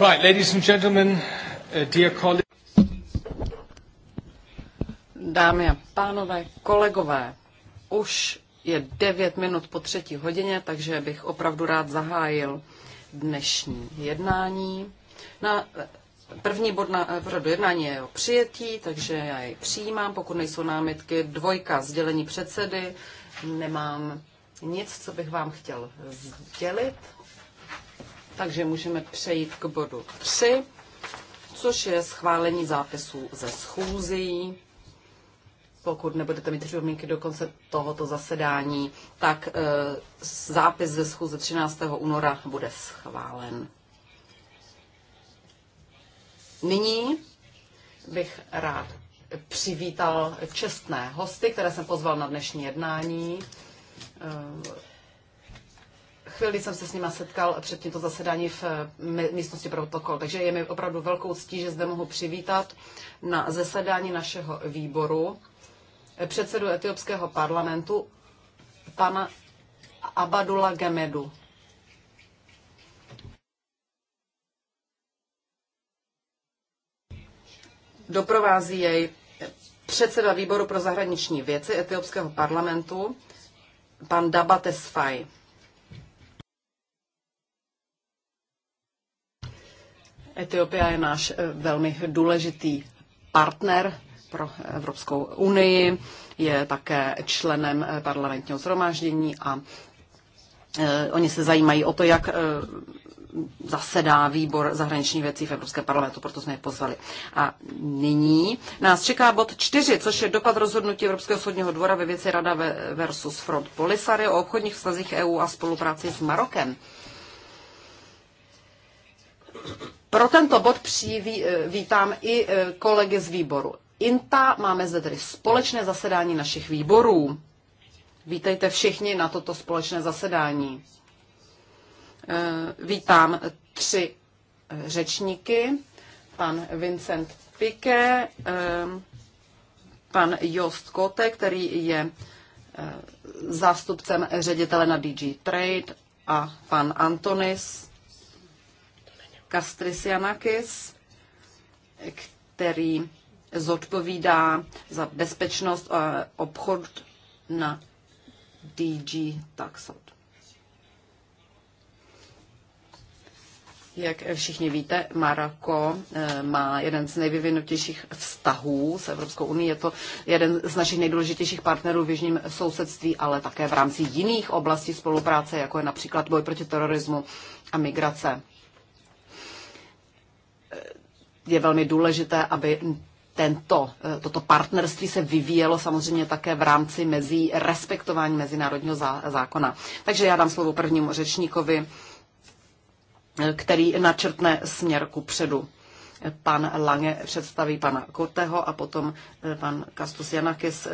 Right, ladies and gentlemen, uh, dear colleagues. Dámy a pánové, kolegové, už je 9 minut po třetí hodině, takže bych opravdu rád zahájil dnešní jednání. Na eh, První bod na eh, pořadu jednání je o přijetí, takže já jej přijímám, pokud nejsou námitky. Dvojka sdělení předsedy, nemám nic, co bych vám chtěl sdělit. Takže můžeme přejít k bodu 3, což je schválení zápisů ze schůzí. Pokud nebudete mít připomínky do konce tohoto zasedání, tak eh, zápis ze schůze 13. února bude schválen. Nyní bych rád přivítal čestné hosty, které jsem pozval na dnešní jednání. Eh, chvíli jsem se s nima setkal před tímto zasedání v eh, místnosti protokol, takže je mi opravdu velkou ctí, že zde mohu přivítat na zasedání našeho výboru eh, předsedu etiopského parlamentu pana Abadula Gemedu. Doprovází jej předseda výboru pro zahraniční věci etiopského parlamentu, pan Dabates Sfaj. Etiopia je náš eh, velmi důležitý partner pro Evropskou unii, je také členem eh, parlamentního zhromáždění a eh, oni se zajímají o to, jak zasedá výbor zahraničních věcí v Evropském parlamentu, proto jsme je pozvali. A nyní nás čeká bod 4, což je dopad rozhodnutí Evropského soudního dvora ve věci Rada versus Front Polisary o obchodních vztazích EU a spolupráci s Marokem. Pro tento bod přiví, eh, vítám i eh, kolegy z výboru INTA. Máme zde tedy společné zasedání našich výborů. Vítejte všichni na toto společné zasedání. Eh, vítám tři řečníky. Pan Vincent Pike, pan Jost Kote, který je zástupcem ředitele na DG Trade a pan Antonis, Kastris který zodpovídá za bezpečnost a obchod na DG Taxot. Jak všichni víte, Maroko eh, má jeden z nejvyvinutějších vztahů s Evropskou unii. Je to jeden z našich nejdůležitějších partnerů v jižním sousedství, ale také v rámci jiných oblastí spolupráce, jako je například boj proti terorismu a migrace. Eh, je velmi důležité, aby tento, eh, toto partnerství se vyvíjelo samozřejmě také v rámci mezi respektování mezinárodního zákona. Takže já dám slovo prvnímu řečníkovi, eh, který načrtne směr ku předu. Pan Lange představí pana Korteho a potom pan Kastus Janakis,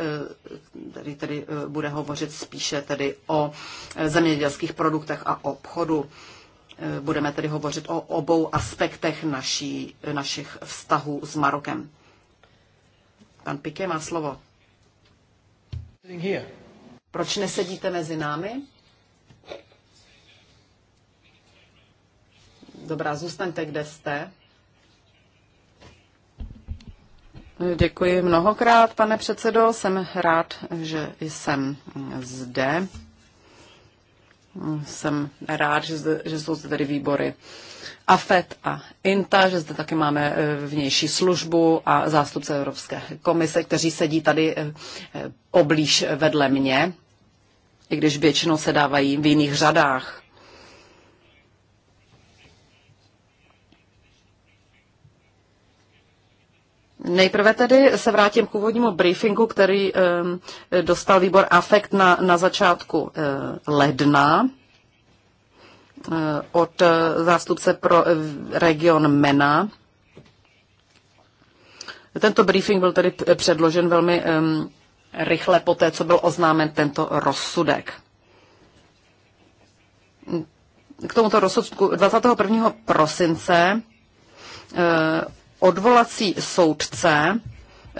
který tedy bude hovořit spíše tedy o zemědělských produktech a obchodu. Eh, budeme tedy hovořit o obou aspektech naší, našich vztahů s Marokem. Pan Piké má slovo. Proč nesedíte mezi námi? Dobrá, zůstaňte, kde jste. Děkuji mnohokrát, pane předsedo. Jsem rád, že jsem zde. Jsem rád, že, zde, že jsou zde tady výbory AFET a INTA, že zde taky máme eh, vnější službu a zástupce Evropské komise, kteří sedí tady eh, eh, poblíž vedle mě, i když většinou se dávají v jiných řadách. Nejprve tedy se vrátím k úvodnímu briefingu, který dostal výbor AFEKT na, na začátku eh, ledna eh, od eh, zástupce pro region MENA. Tento briefing byl tedy předložen velmi rychle po té, co byl oznámen tento rozsudek. K tomuto rozsudku 21. prosince odvolací soudce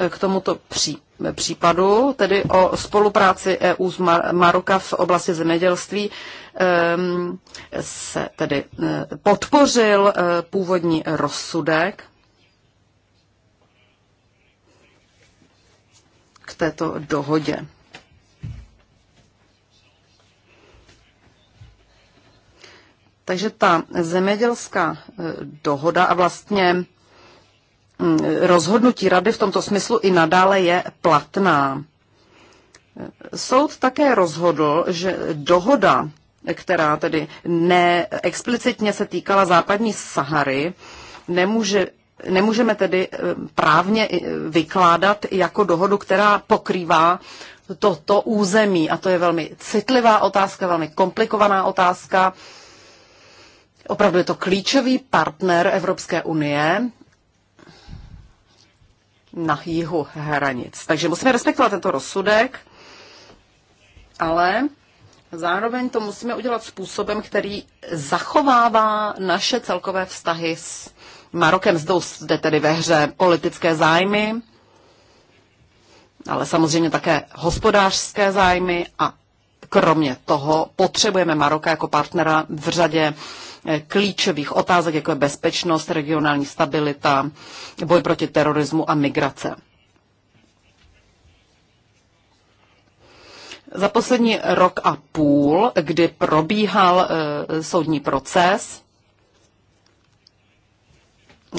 k tomuto pří, případu, tedy o spolupráci EU z Maroka v oblasti zemědělství, ehm, se tedy eh, podpořil eh, původní rozsudek k této dohodě. Takže ta zemědělská eh, dohoda a vlastně Mm, rozhodnutí rady v tomto smyslu i nadále je platná. Soud také rozhodl, že dohoda, která tedy neexplicitně se týkala západní Sahary, nemůže, nemůžeme tedy eh, právně eh, vykládat jako dohodu, která pokrývá toto území. A to je velmi citlivá otázka, velmi komplikovaná otázka. Opravdu je to klíčový partner Evropské unie na jihu hranic. Takže musíme respektovat tento rozsudek, ale zároveň to musíme udělat způsobem, který zachovává naše celkové vztahy s Marokem. Zde tedy ve hře politické zájmy, ale samozřejmě také hospodářské zájmy a kromě toho potřebujeme Maroka jako partnera v řadě klíčových otázek, jako je bezpečnost, regionální stabilita, boj proti terorismu a migrace. Za poslední rok a půl, kdy probíhal eh, soudní proces,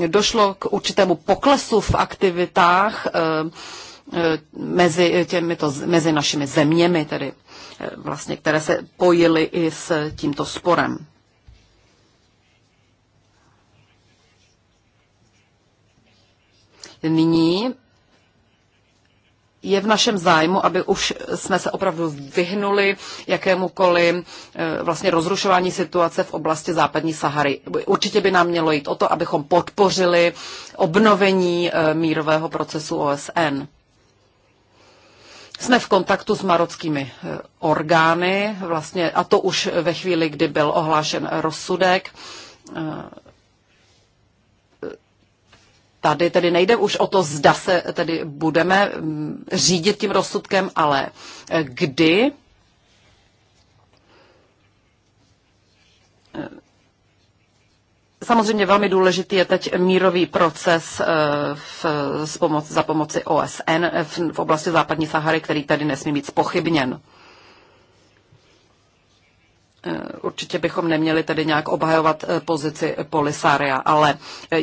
došlo k určitému poklesu v aktivitách eh, eh, mezi, těmito, mezi našimi zeměmi, tedy vlastně, které se pojily i s tímto sporem. Nyní je v našem zájmu, aby už jsme se opravdu vyhnuli jakémukoliv eh, vlastně rozrušování situace v oblasti západní Sahary. Určitě by nám mělo jít o to, abychom podpořili obnovení eh, mírového procesu OSN. Jsme v kontaktu s marockými eh, orgány, vlastně, a to už ve chvíli, kdy byl ohlášen rozsudek tady tedy nejde už o to, zda se tedy budeme mm, řídit tím rozsudkem, ale eh, kdy eh, Samozřejmě velmi důležitý je teď mírový proces eh, v, s pomoc, za pomoci OSN v, v oblasti západní Sahary, který tady nesmí být spochybněn. Eh, určitě bychom neměli tedy nějak obhajovat eh, pozici Polisária, ale eh,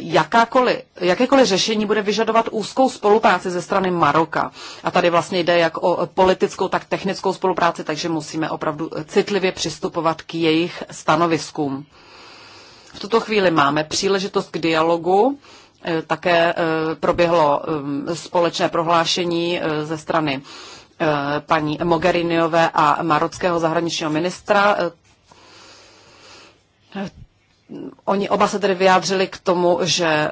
jakékoliv řešení bude vyžadovat úzkou spolupráci ze strany Maroka. A tady vlastně jde jak o politickou, tak technickou spolupráci, takže musíme opravdu citlivě přistupovat k jejich stanoviskům. V tuto chvíli máme příležitost k dialogu. Také proběhlo společné prohlášení ze strany paní Mogheriniové a marockého zahraničního ministra. Oni oba se tedy vyjádřili k tomu, že e,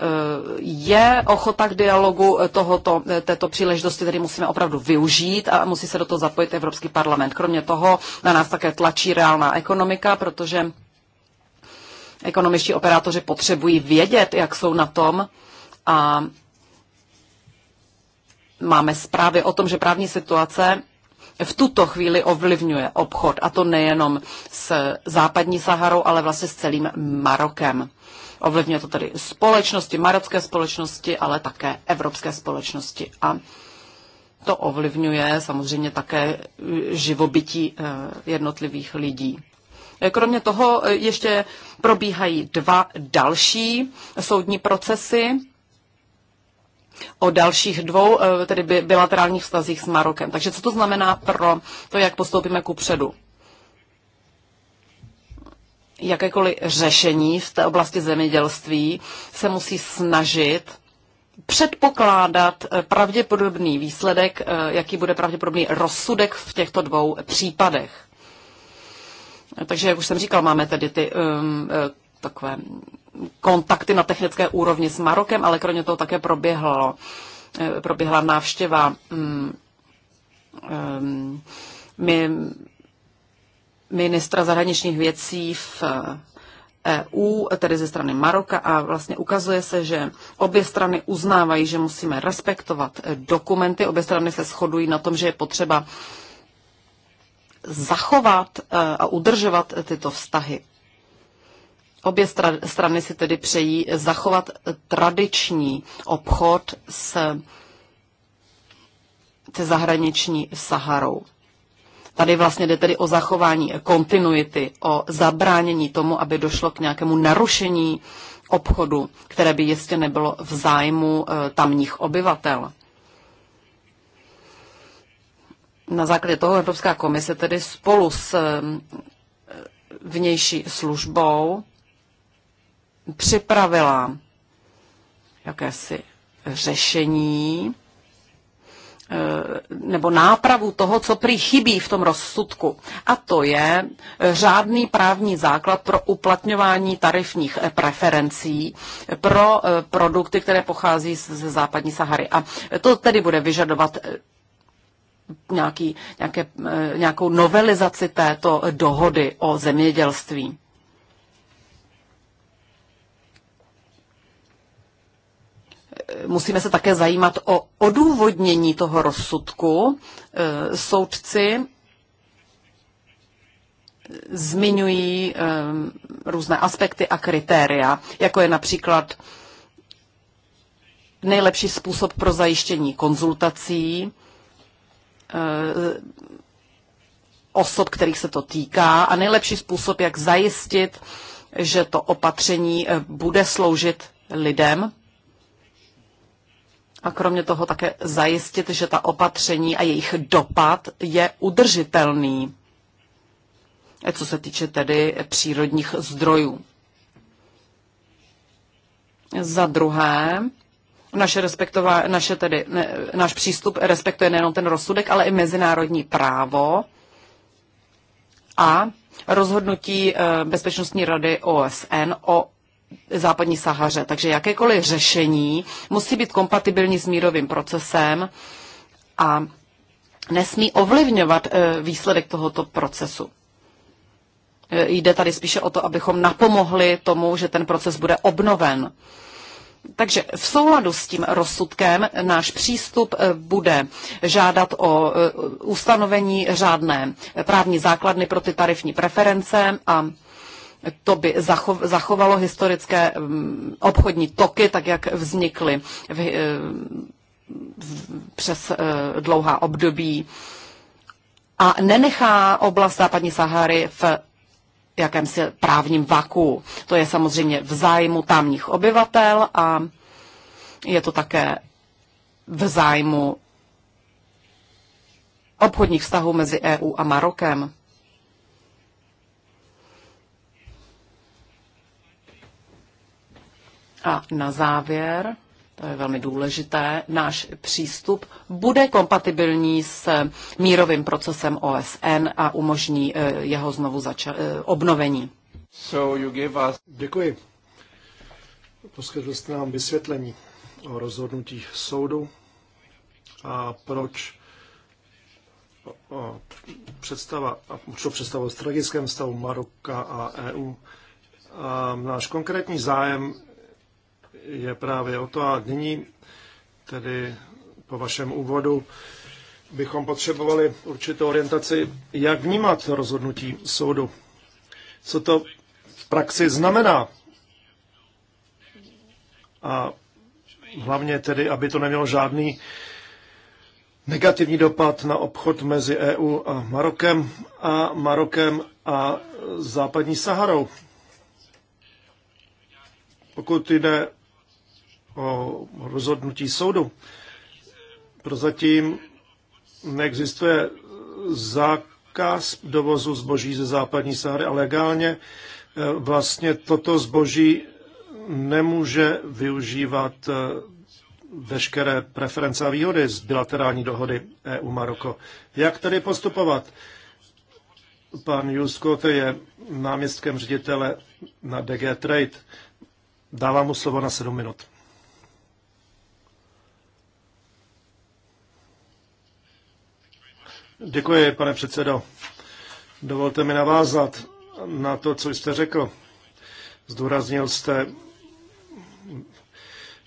je ochota k dialogu e, tohoto, e, této příležitosti, tedy musíme opravdu využít a musí se do toho zapojit Evropský parlament. Kromě toho na nás také tlačí reálná ekonomika, protože ekonomičtí operátoři potřebují vědět, jak jsou na tom a máme zprávy o tom, že právní situace v tuto chvíli ovlivňuje obchod, a to nejenom s západní Saharou, ale vlastně s celým Marokem. Ovlivňuje to tedy společnosti, marocké společnosti, ale také evropské společnosti. A to ovlivňuje samozřejmě také e, živobytí e, jednotlivých lidí. E, kromě toho ještě probíhají dva další soudní procesy o dalších dvou eh, tedy bilaterálních vztazích s Marokem. Takže co to znamená pro to, jak postoupíme ku předu? Jakékoliv řešení v té oblasti zemědělství se musí snažit předpokládat eh, pravděpodobný výsledek, eh, jaký bude pravděpodobný rozsudek v těchto dvou případech. Takže, jak už jsem říkal, máme tedy ty um, takové kontakty na technické úrovni s Marokem, ale kromě toho také proběhlo, eh, proběhla návštěva um, um, ministra zahraničních věcí v EU, eh, e tedy ze strany Maroka a vlastně ukazuje se, že obě strany uznávají, že musíme respektovat eh, dokumenty, obě strany se shodují na tom, že je potřeba zachovat a udržovat tyto vztahy. Obě strany si tedy přejí zachovat tradiční obchod s se zahraniční Saharou. Tady vlastně jde tedy o zachování kontinuity, o zabránění tomu, aby došlo k nějakému narušení obchodu, které by jistě nebylo v zájmu e, tamních obyvatel. Na základě toho Evropská komise tedy spolu s e, vnější službou připravila jakési řešení eh, nebo nápravu toho, co prý chybí v tom rozsudku. A to je řádný právní základ pro uplatňování tarifních eh, preferencí pro eh, produkty, které pochází ze západní Sahary. A to tedy bude vyžadovat nějaký, nějaké, nějakou novelizaci této dohody o zemědělství. musíme se také zajímat o odůvodnění toho rozsudku. Eh, soudci eh, zmiňují eh, různé aspekty a kritéria, jako je například nejlepší způsob pro zajištění konzultací osob, kterých se to týká a nejlepší způsob, jak zajistit, že to opatření bude sloužit lidem a kromě toho také zajistit, že ta opatření a jejich dopad je udržitelný, co se týče tedy přírodních zdrojů. Za druhé, naše, respektová, naše tedy, ne, náš přístup respektuje nejenom ten rozsudek, ale i mezinárodní právo a rozhodnutí eh, Bezpečnostní rady OSN o západní Sahaře. Takže jakékoliv řešení musí být kompatibilní s mírovým procesem a nesmí ovlivňovat eh, výsledek tohoto procesu. Eh, jde tady spíše o to, abychom napomohli tomu, že ten proces bude obnoven. Takže v souladu s tím rozsudkem náš přístup eh, bude žádat o ustanovení řádné právní základny pro ty tarifní preference a to by zachovalo historické mm, obchodní toky, tak jak vznikly v, eh, přes eh, dlouhá období a nenechá oblast západní Sahary v jakémsi právním vaku. To je samozřejmě v zájmu tamních obyvatel a je to také v zájmu obchodních vztahů mezi EU a Marokem. A na závěr, to je velmi důležité, náš přístup bude kompatibilní s mírovým procesem OSN a umožní eh, jeho znovu zača- eh, obnovení. So you give us... Děkuji. Poskytl jste nám vysvětlení o rozhodnutí soudu a proč představa, a to představa o strategickém stavu Maroka a EU. A náš konkrétní zájem je právě o to a nyní, tedy po vašem úvodu, bychom potřebovali určitou orientaci, jak vnímat rozhodnutí soudu. Co to v praxi znamená? A hlavně tedy, aby to nemělo žádný negativní dopad na obchod mezi EU a Marokem a Marokem a západní Saharou. Pokud jde o rozhodnutí soudu. Prozatím neexistuje zákaz dovozu zboží ze západní Sahary a legálně e, vlastně toto zboží nemůže využívat e, veškeré preference a výhody z bilaterální dohody EU-Maroko. Jak tedy postupovat? Pan To je náměstkem ředitele na DG Trade. Dávám mu slovo na sedm minut. Děkuji, pane předsedo. Dovolte mi navázat na to, co jste řekl. Zdůraznil jste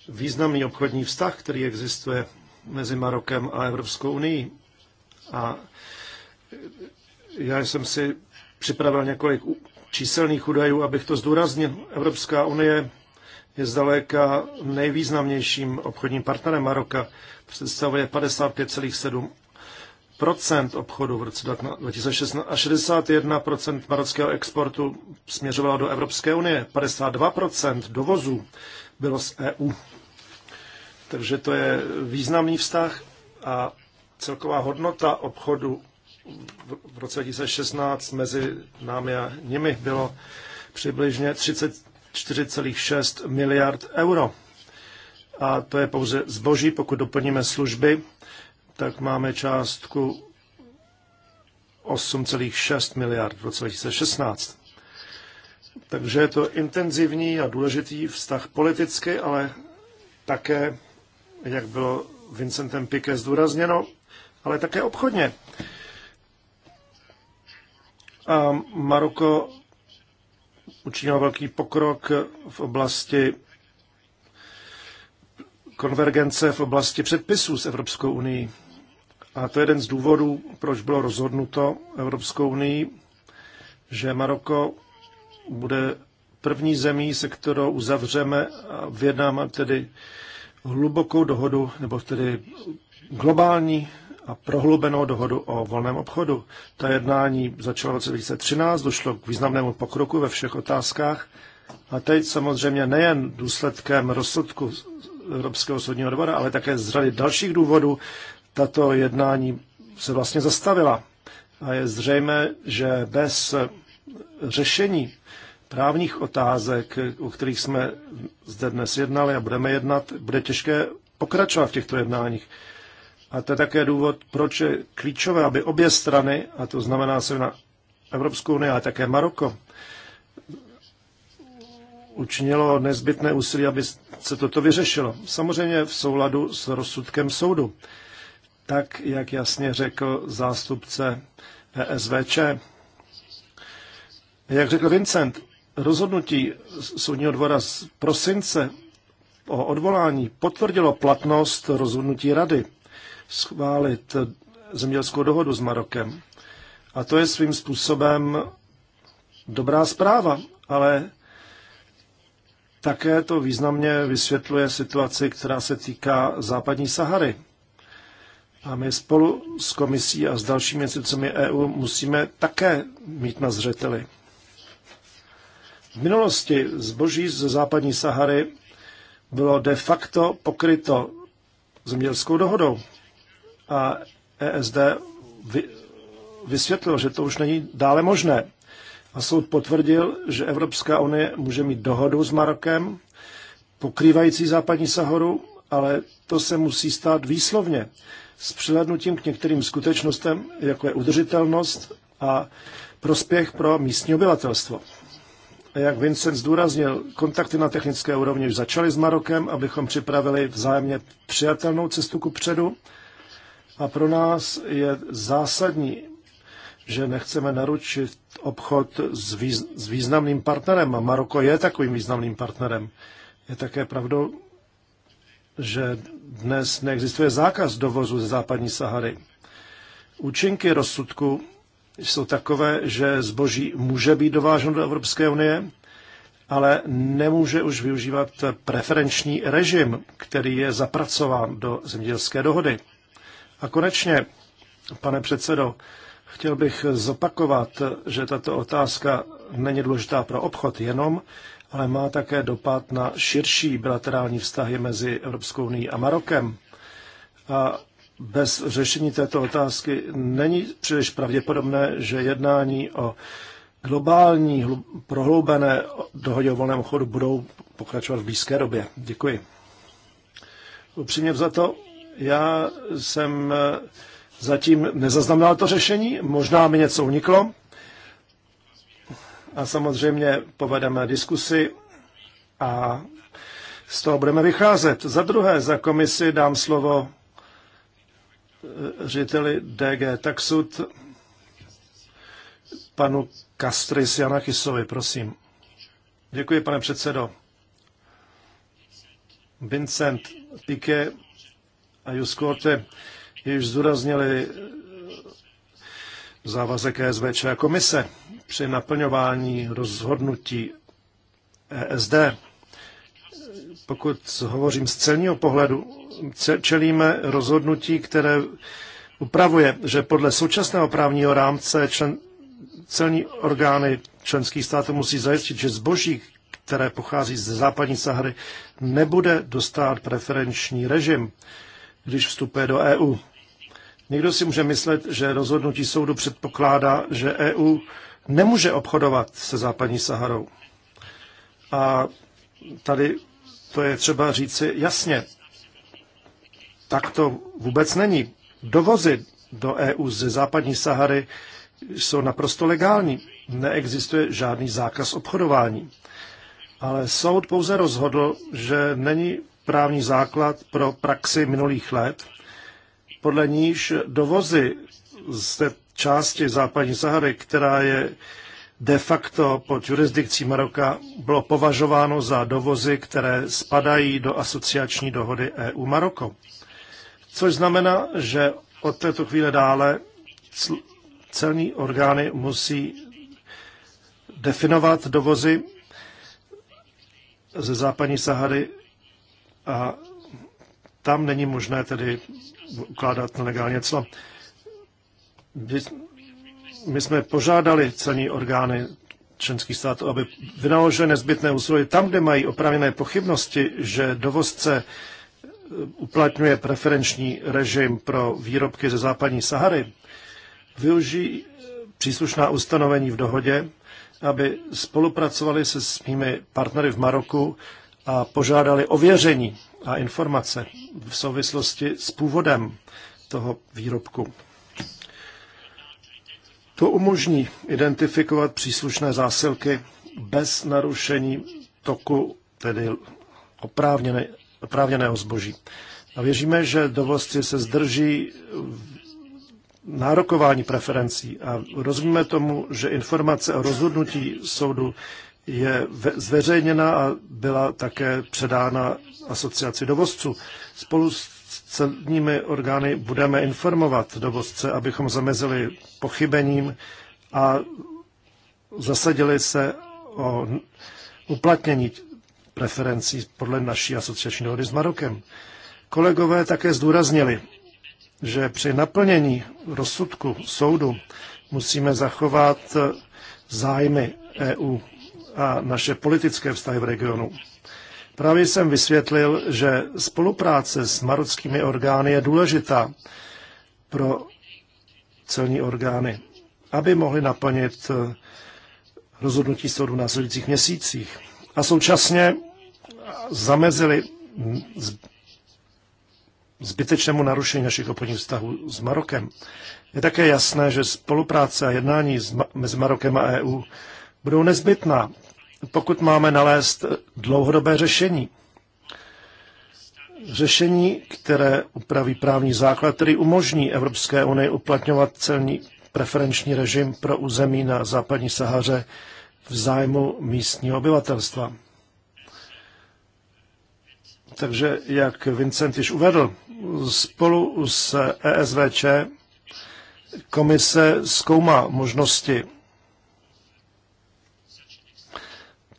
významný obchodní vztah, který existuje mezi Marokem a Evropskou unii. A já jsem si připravil několik číselných údajů, abych to zdůraznil. Evropská unie je zdaleka nejvýznamnějším obchodním partnerem Maroka. Představuje 55,7 obchodu v roce 2016 a 61 marockého exportu směřovalo do Evropské unie. 52 dovozů bylo z EU. Takže to je významný vztah a celková hodnota obchodu v roce 2016 mezi námi a nimi bylo přibližně 34,6 miliard euro. A to je pouze zboží, pokud doplníme služby, tak máme částku 8,6 miliard v roce 2016. Takže je to intenzivní a důležitý vztah politicky, ale také, jak bylo Vincentem Piqué zdůrazněno, ale také obchodně. A Maroko učinilo velký pokrok v oblasti konvergence v oblasti předpisů s Evropskou unii. A to je jeden z důvodů, proč bylo rozhodnuto Evropskou unii, že Maroko bude první zemí, se kterou uzavřeme a vyjednáme tedy hlubokou dohodu, nebo tedy globální a prohlubenou dohodu o volném obchodu. Ta jednání začala v roce 2013, došlo k významnému pokroku ve všech otázkách a teď samozřejmě nejen důsledkem rozsudku Evropského soudního dvora, ale také z řady dalších důvodů tato jednání se vlastně zastavila. A je zřejmé, že bez řešení právních otázek, o kterých jsme zde dnes jednali a budeme jednat, bude těžké pokračovat v těchto jednáních. A to je také důvod, proč je klíčové, aby obě strany, a to znamená se na Evropskou unii, ale také Maroko, učinilo nezbytné úsilí, aby se toto vyřešilo. Samozřejmě v souladu s rozsudkem soudu tak jak jasně řekl zástupce e SVČ. Jak řekl Vincent, rozhodnutí soudního dvora z prosince o odvolání potvrdilo platnost rozhodnutí rady schválit zemědělskou dohodu s Marokem. A to je svým způsobem dobrá zpráva, ale také to významně vysvětluje situaci, která se týká západní Sahary. A my spolu s komisí a s dalšími institucemi EU musíme také mít na zřeteli. V minulosti zboží ze západní Sahary bylo de facto pokryto zemědělskou dohodou. A ESD vysvětlil, že to už není dále možné. A soud potvrdil, že Evropská unie může mít dohodu s Marokem, pokrývající západní Saharu, ale to se musí stát výslovně s přihlednutím k některým skutečnostem, jako je udržitelnost a prospěch pro místní obyvatelstvo. A jak Vincent zdůraznil, kontakty na technické úrovni už začaly s Marokem, abychom připravili vzájemně přijatelnou cestu ku předu. A pro nás je zásadní, že nechceme naručit obchod s, výz, s významným partnerem. A Maroko je takovým významným partnerem. Je také pravdou, že dnes neexistuje zákaz dovozu ze západní Sahary. Účinky rozsudku jsou takové, že zboží může být dováženo do Evropské unie, ale nemůže už využívat preferenční režim, který je zapracován do zemědělské dohody. A konečně, pane předsedo, chtěl bych zopakovat, že tato otázka není důležitá pro obchod jenom, ale má také dopad na širší bilaterální vztahy mezi Evropskou unii a Marokem. A bez řešení této otázky není příliš pravděpodobné, že jednání o globální prohloubené dohodě o volném chodu budou pokračovat v blízké době. Děkuji. Upřímně za to, já jsem zatím nezaznamenal to řešení, možná mi něco uniklo, a samozřejmě povedeme diskusi a z toho budeme vycházet. Za druhé, za komisi dám slovo eh, řediteli DG Taxud, panu Kastris Janachisovi, prosím. Děkuji, pane předsedo. Vincent Piquet a Juskorte již zdůraznili eh, závazek SVČ a komise při naplňování rozhodnutí ESD. Pokud hovořím z celního pohledu, čelíme rozhodnutí, které upravuje, že podle současného právního rámce člen, celní orgány členských států musí zajistit, že zboží, které pochází ze západní Sahary, nebude dostat preferenční režim, když vstupuje do EU. Někdo si může myslet, že rozhodnutí soudu předpokládá, že EU nemůže obchodovat se západní Saharou. A tady to je třeba říci jasně. Tak to vůbec není. Dovozy do EU ze západní Sahary jsou naprosto legální. Neexistuje žádný zákaz obchodování. Ale soud pouze rozhodl, že není právní základ pro praxi minulých let, podle níž dovozy z části západní Sahary, která je de facto pod jurisdikcí Maroka, bylo považováno za dovozy, které spadají do asociační dohody EU-Maroko. Což znamená, že od této chvíle dále celní orgány musí definovat dovozy ze západní Sahary a tam není možné tedy ukládat nelegálně clo my jsme požádali celní orgány členských států, aby vynaložili nezbytné úsilí tam, kde mají opravené pochybnosti, že dovozce e, uplatňuje preferenční režim pro výrobky ze západní Sahary, využijí e, příslušná ustanovení v dohodě, aby spolupracovali se svými partnery v Maroku a požádali ověření a informace v souvislosti s původem toho výrobku. To umožní identifikovat příslušné zásilky bez narušení toku, tedy oprávněné, oprávněného zboží. A věříme, že dovozci se zdrží nárokování preferencí a rozumíme tomu, že informace o rozhodnutí soudu je zveřejněna a byla také předána asociaci dovozců. Spolu s celními orgány budeme informovat dovozce, abychom zamezili pochybením a zasadili se o uplatnění preferencí podle naší asociační dohody s Marokem. Kolegové také zdůraznili, že při naplnění rozsudku soudu musíme zachovat zájmy EU a naše politické vztahy v regionu. Právě jsem vysvětlil, že spolupráce s marockými orgány je důležitá pro celní orgány, aby mohly naplnit eh, rozhodnutí soudu v následujících měsících. A současně zamezili zbytečnému narušení našich obchodních vztahů s Marokem. Je také jasné, že spolupráce a jednání mezi Marokem a EU budou nezbytná pokud máme nalézt dlouhodobé řešení. Řešení, které upraví právní základ, který umožní Evropské unii uplatňovat celní preferenční režim pro území na západní Sahaře v zájmu místního obyvatelstva. Takže, jak Vincent již uvedl, spolu s ESVČ komise zkoumá možnosti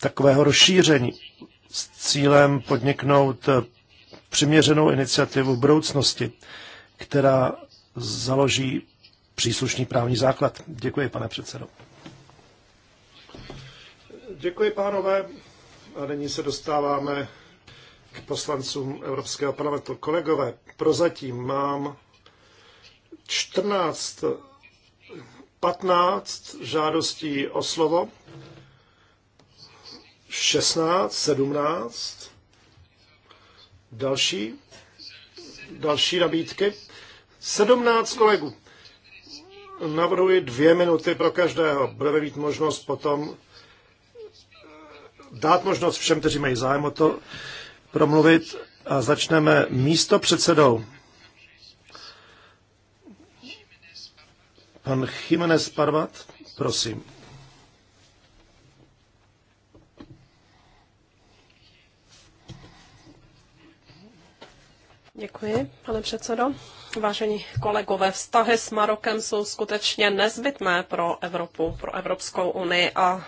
takového rozšíření s cílem podniknout eh, přiměřenou iniciativu v budoucnosti, která založí příslušný právní základ. Děkuji, pane předsedo. Děkuji, pánové. A nyní se dostáváme k poslancům Evropského parlamentu. Kolegové, prozatím mám 14, 15 žádostí o slovo 16, 17. Další, další nabídky. 17 kolegů. Navrhuji dvě minuty pro každého. Budeme mít možnost potom eh, dát možnost všem, kteří mají zájem o to, promluvit a začneme místo předsedou. Pan Jiménez Parvat, prosím. Děkuji, pane předsedo. Vážení kolegové, vztahy s Marokem jsou skutečně nezbytné pro Evropu, pro Evropskou unii a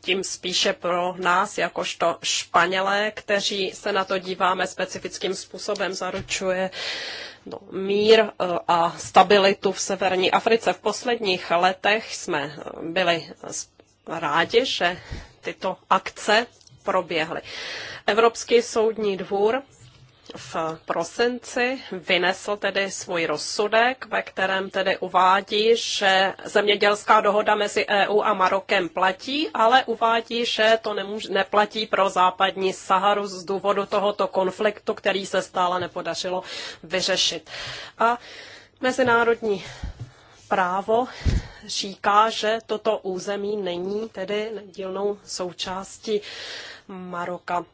tím spíše pro nás, jakožto Španělé, kteří se na to díváme specifickým způsobem, zaručuje no, mír eh, a stabilitu v severní Africe. V posledních letech jsme eh, byli rádi, že tyto akce proběhly. Evropský soudní dvůr v prosinci vynesl tedy svůj rozsudek, ve kterém tedy uvádí, že zemědělská dohoda mezi EU a Marokem platí, ale uvádí, že to nemůž, neplatí pro západní Saharu z důvodu tohoto konfliktu, který se stále nepodařilo vyřešit. A mezinárodní právo říká, že toto území není tedy nedílnou součástí Maroka.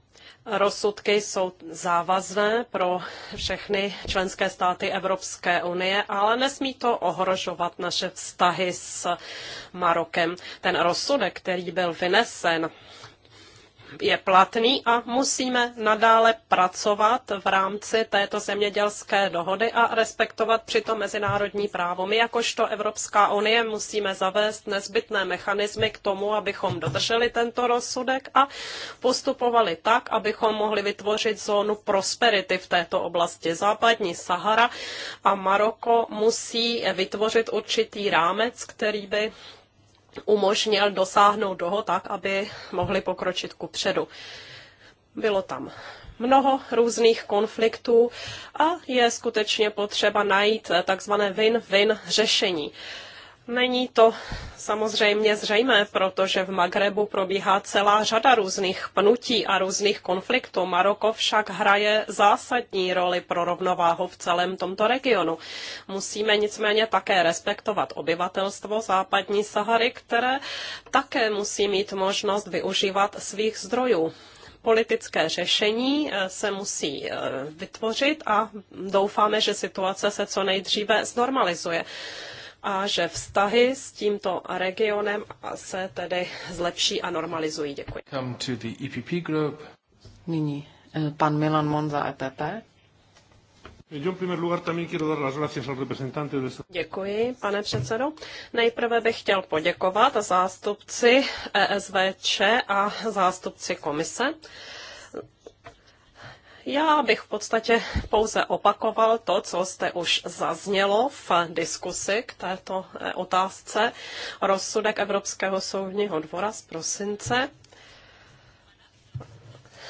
Rozsudky jsou závazné pro všechny členské státy Evropské unie, ale nesmí to ohrožovat naše vztahy s Marokem. Ten rozsudek, který byl vynesen je platný a musíme nadále pracovat v rámci této zemědělské dohody a respektovat přitom mezinárodní právo. My jakožto Evropská unie musíme zavést nezbytné mechanismy k tomu, abychom dodrželi tento rozsudek a postupovali tak, abychom mohli vytvořit zónu prosperity v této oblasti. Západní Sahara a Maroko musí vytvořit určitý rámec, který by umožnil dosáhnout doho tak, aby mohli pokročit ku předu. Bylo tam mnoho různých konfliktů a je skutečně potřeba najít takzvané win-win řešení. Není to samozřejmě zřejmé, protože v Magrebu probíhá celá řada různých pnutí a různých konfliktů. Maroko však hraje zásadní roli pro rovnováhu v celém tomto regionu. Musíme nicméně také respektovat obyvatelstvo západní Sahary, které také musí mít možnost využívat svých zdrojů politické řešení eh, se musí eh, vytvořit a doufáme, že situace se co nejdříve znormalizuje a že vztahy s tímto regionem se tedy zlepší a normalizují. Děkuji. Come to the EPP group. Nyní eh, pan Milan Monza EPP. Děkuji, pane předsedo. Nejprve bych chtěl poděkovat zástupci ESVČ a zástupci komise. Já bych v podstatě pouze opakoval to, co jste už zaznělo v diskusi k této eh, otázce. Rozsudek Evropského soudního dvora z prosince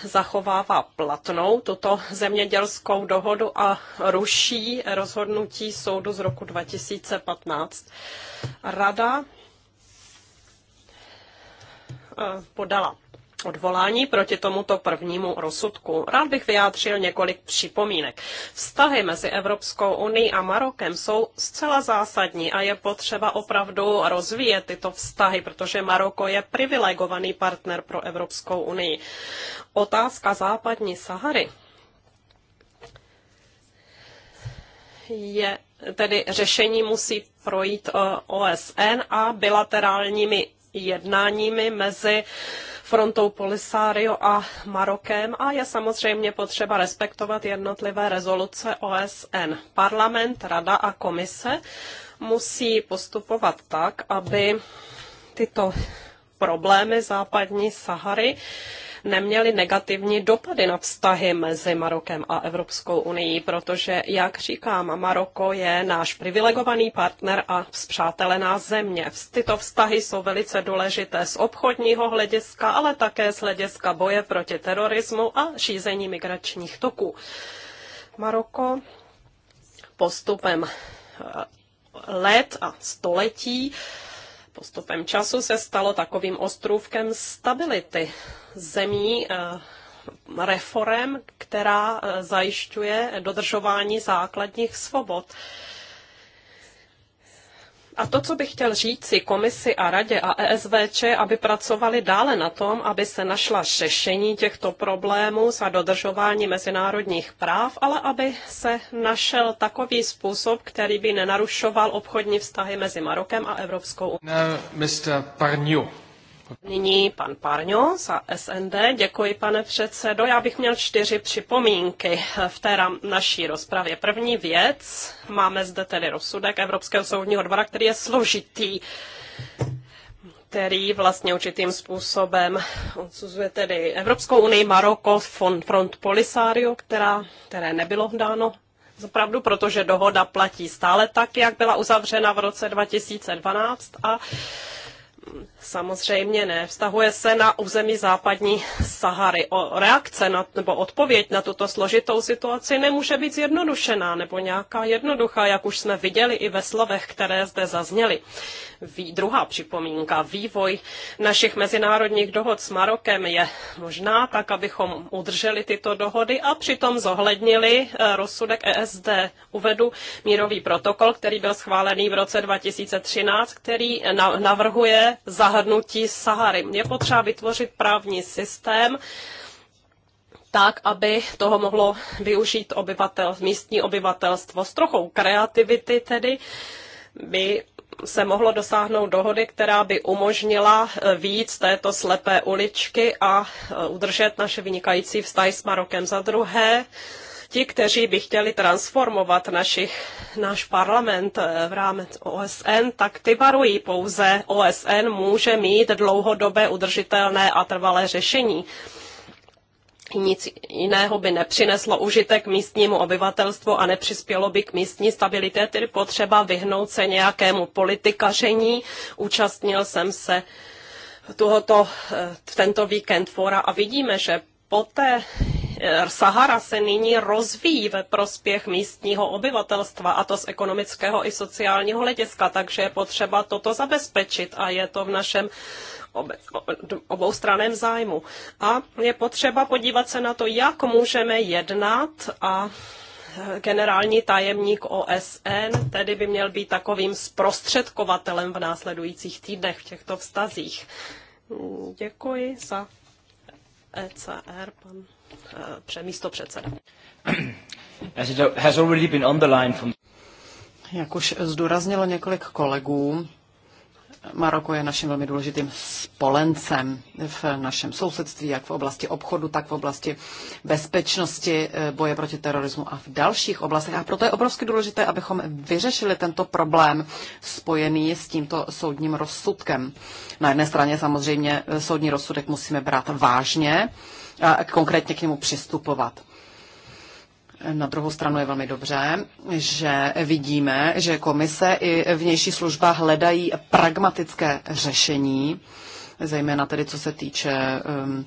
zachovává platnou tuto zemědělskou dohodu a ruší rozhodnutí soudu z roku 2015. Rada eh, podala odvolání proti tomuto prvnímu rozsudku. Rád bych vyjádřil několik připomínek. Vztahy mezi Evropskou unii a Marokem jsou zcela zásadní a je potřeba opravdu rozvíjet tyto vztahy, protože Maroko je privilegovaný partner pro Evropskou unii. Otázka západní Sahary je tedy řešení musí projít eh, OSN a bilaterálními jednáními mezi frontou Polisario a Marokem a je samozřejmě potřeba respektovat jednotlivé rezoluce OSN. Parlament, Rada a komise musí postupovat tak, aby tyto problémy západní Sahary neměly negativní dopady na vztahy mezi Marokem a Evropskou unii, protože, jak říkám, Maroko je náš privilegovaný partner a vzpřátelená země. Tyto vztahy jsou velice důležité z obchodního hlediska, ale také z hlediska boje proti terorismu a šízení migračních toků. Maroko postupem eh, let a století postupem času se stalo takovým ostrůvkem stability zemí eh, reform, která eh, zajišťuje dodržování základních svobod. A to, co bych chtěl říci komisi a radě a ESVČ, aby pracovali dále na tom, aby se našla řešení těchto problémů za dodržování mezinárodních práv, ale aby se našel takový způsob, který by nenarušoval obchodní vztahy mezi Marokem a Evropskou unii. Nyní pan Párňo za SND. Děkuji, pane předsedo. Já bych měl čtyři připomínky v té naší rozpravě. První věc, máme zde tedy rozsudek Evropského soudního dvora, který je složitý který vlastně určitým způsobem odsuzuje tedy Evropskou unii, Maroko, Front Polisario, která, které nebylo dáno Zapravdu, protože dohoda platí stále tak, jak byla uzavřena v roce 2012 a samozřejmě ne. Vztahuje se na území západní Sahary. O reakce na, nebo odpověď na tuto složitou situaci nemůže být zjednodušená nebo nějaká jednoduchá, jak už jsme viděli i ve slovech, které zde zazněly druhá připomínka, vývoj našich mezinárodních dohod s Marokem je možná tak, abychom udrželi tyto dohody a přitom zohlednili eh, rozsudek ESD. Uvedu mírový protokol, který byl schválený v roce 2013, který navrhuje zahrnutí Sahary. Je potřeba vytvořit právní systém, tak, aby toho mohlo využít obyvatel, místní obyvatelstvo. S trochou kreativity tedy by se mohlo dosáhnout dohody, která by umožnila eh, víc této slepé uličky a eh, udržet naše vynikající vztahy s Marokem za druhé. Ti, kteří by chtěli transformovat našich, náš parlament eh, v rámci OSN, tak ty varují pouze OSN může mít dlouhodobé udržitelné a trvalé řešení nic jiného by nepřineslo užitek místnímu obyvatelstvu a nepřispělo by k místní stabilitě, tedy potřeba vyhnout se nějakému politikaření. Účastnil jsem se tohoto, eh, tento víkend fora a vidíme, že poté, Eh, Sahara se nyní rozvíjí ve prospěch místního obyvatelstva, a to z ekonomického i sociálního hlediska, takže je potřeba toto zabezpečit a je to v našem straném zájmu. A je potřeba podívat se na to, jak můžeme jednat a eh, generální tajemník OSN tedy by měl být takovým zprostředkovatelem v následujících týdnech v těchto vztazích. Děkuji za ECR, pan e, přemísto předseda. As it has already been from... Jak už zdůraznilo několik kolegů, Maroko je naším velmi důležitým spolencem v našem sousedství, jak v oblasti obchodu, tak v oblasti bezpečnosti, eh, boje proti terorismu a v dalších oblastech. A proto je obrovsky důležité, abychom vyřešili tento problém spojený s tímto soudním rozsudkem. Na jedné straně samozřejmě eh, soudní rozsudek musíme brát vážně a konkrétně k němu přistupovat. Na druhou stranu je velmi dobře, že vidíme, že komise i vnější služba hledají pragmatické řešení, zejména tedy co se týče um,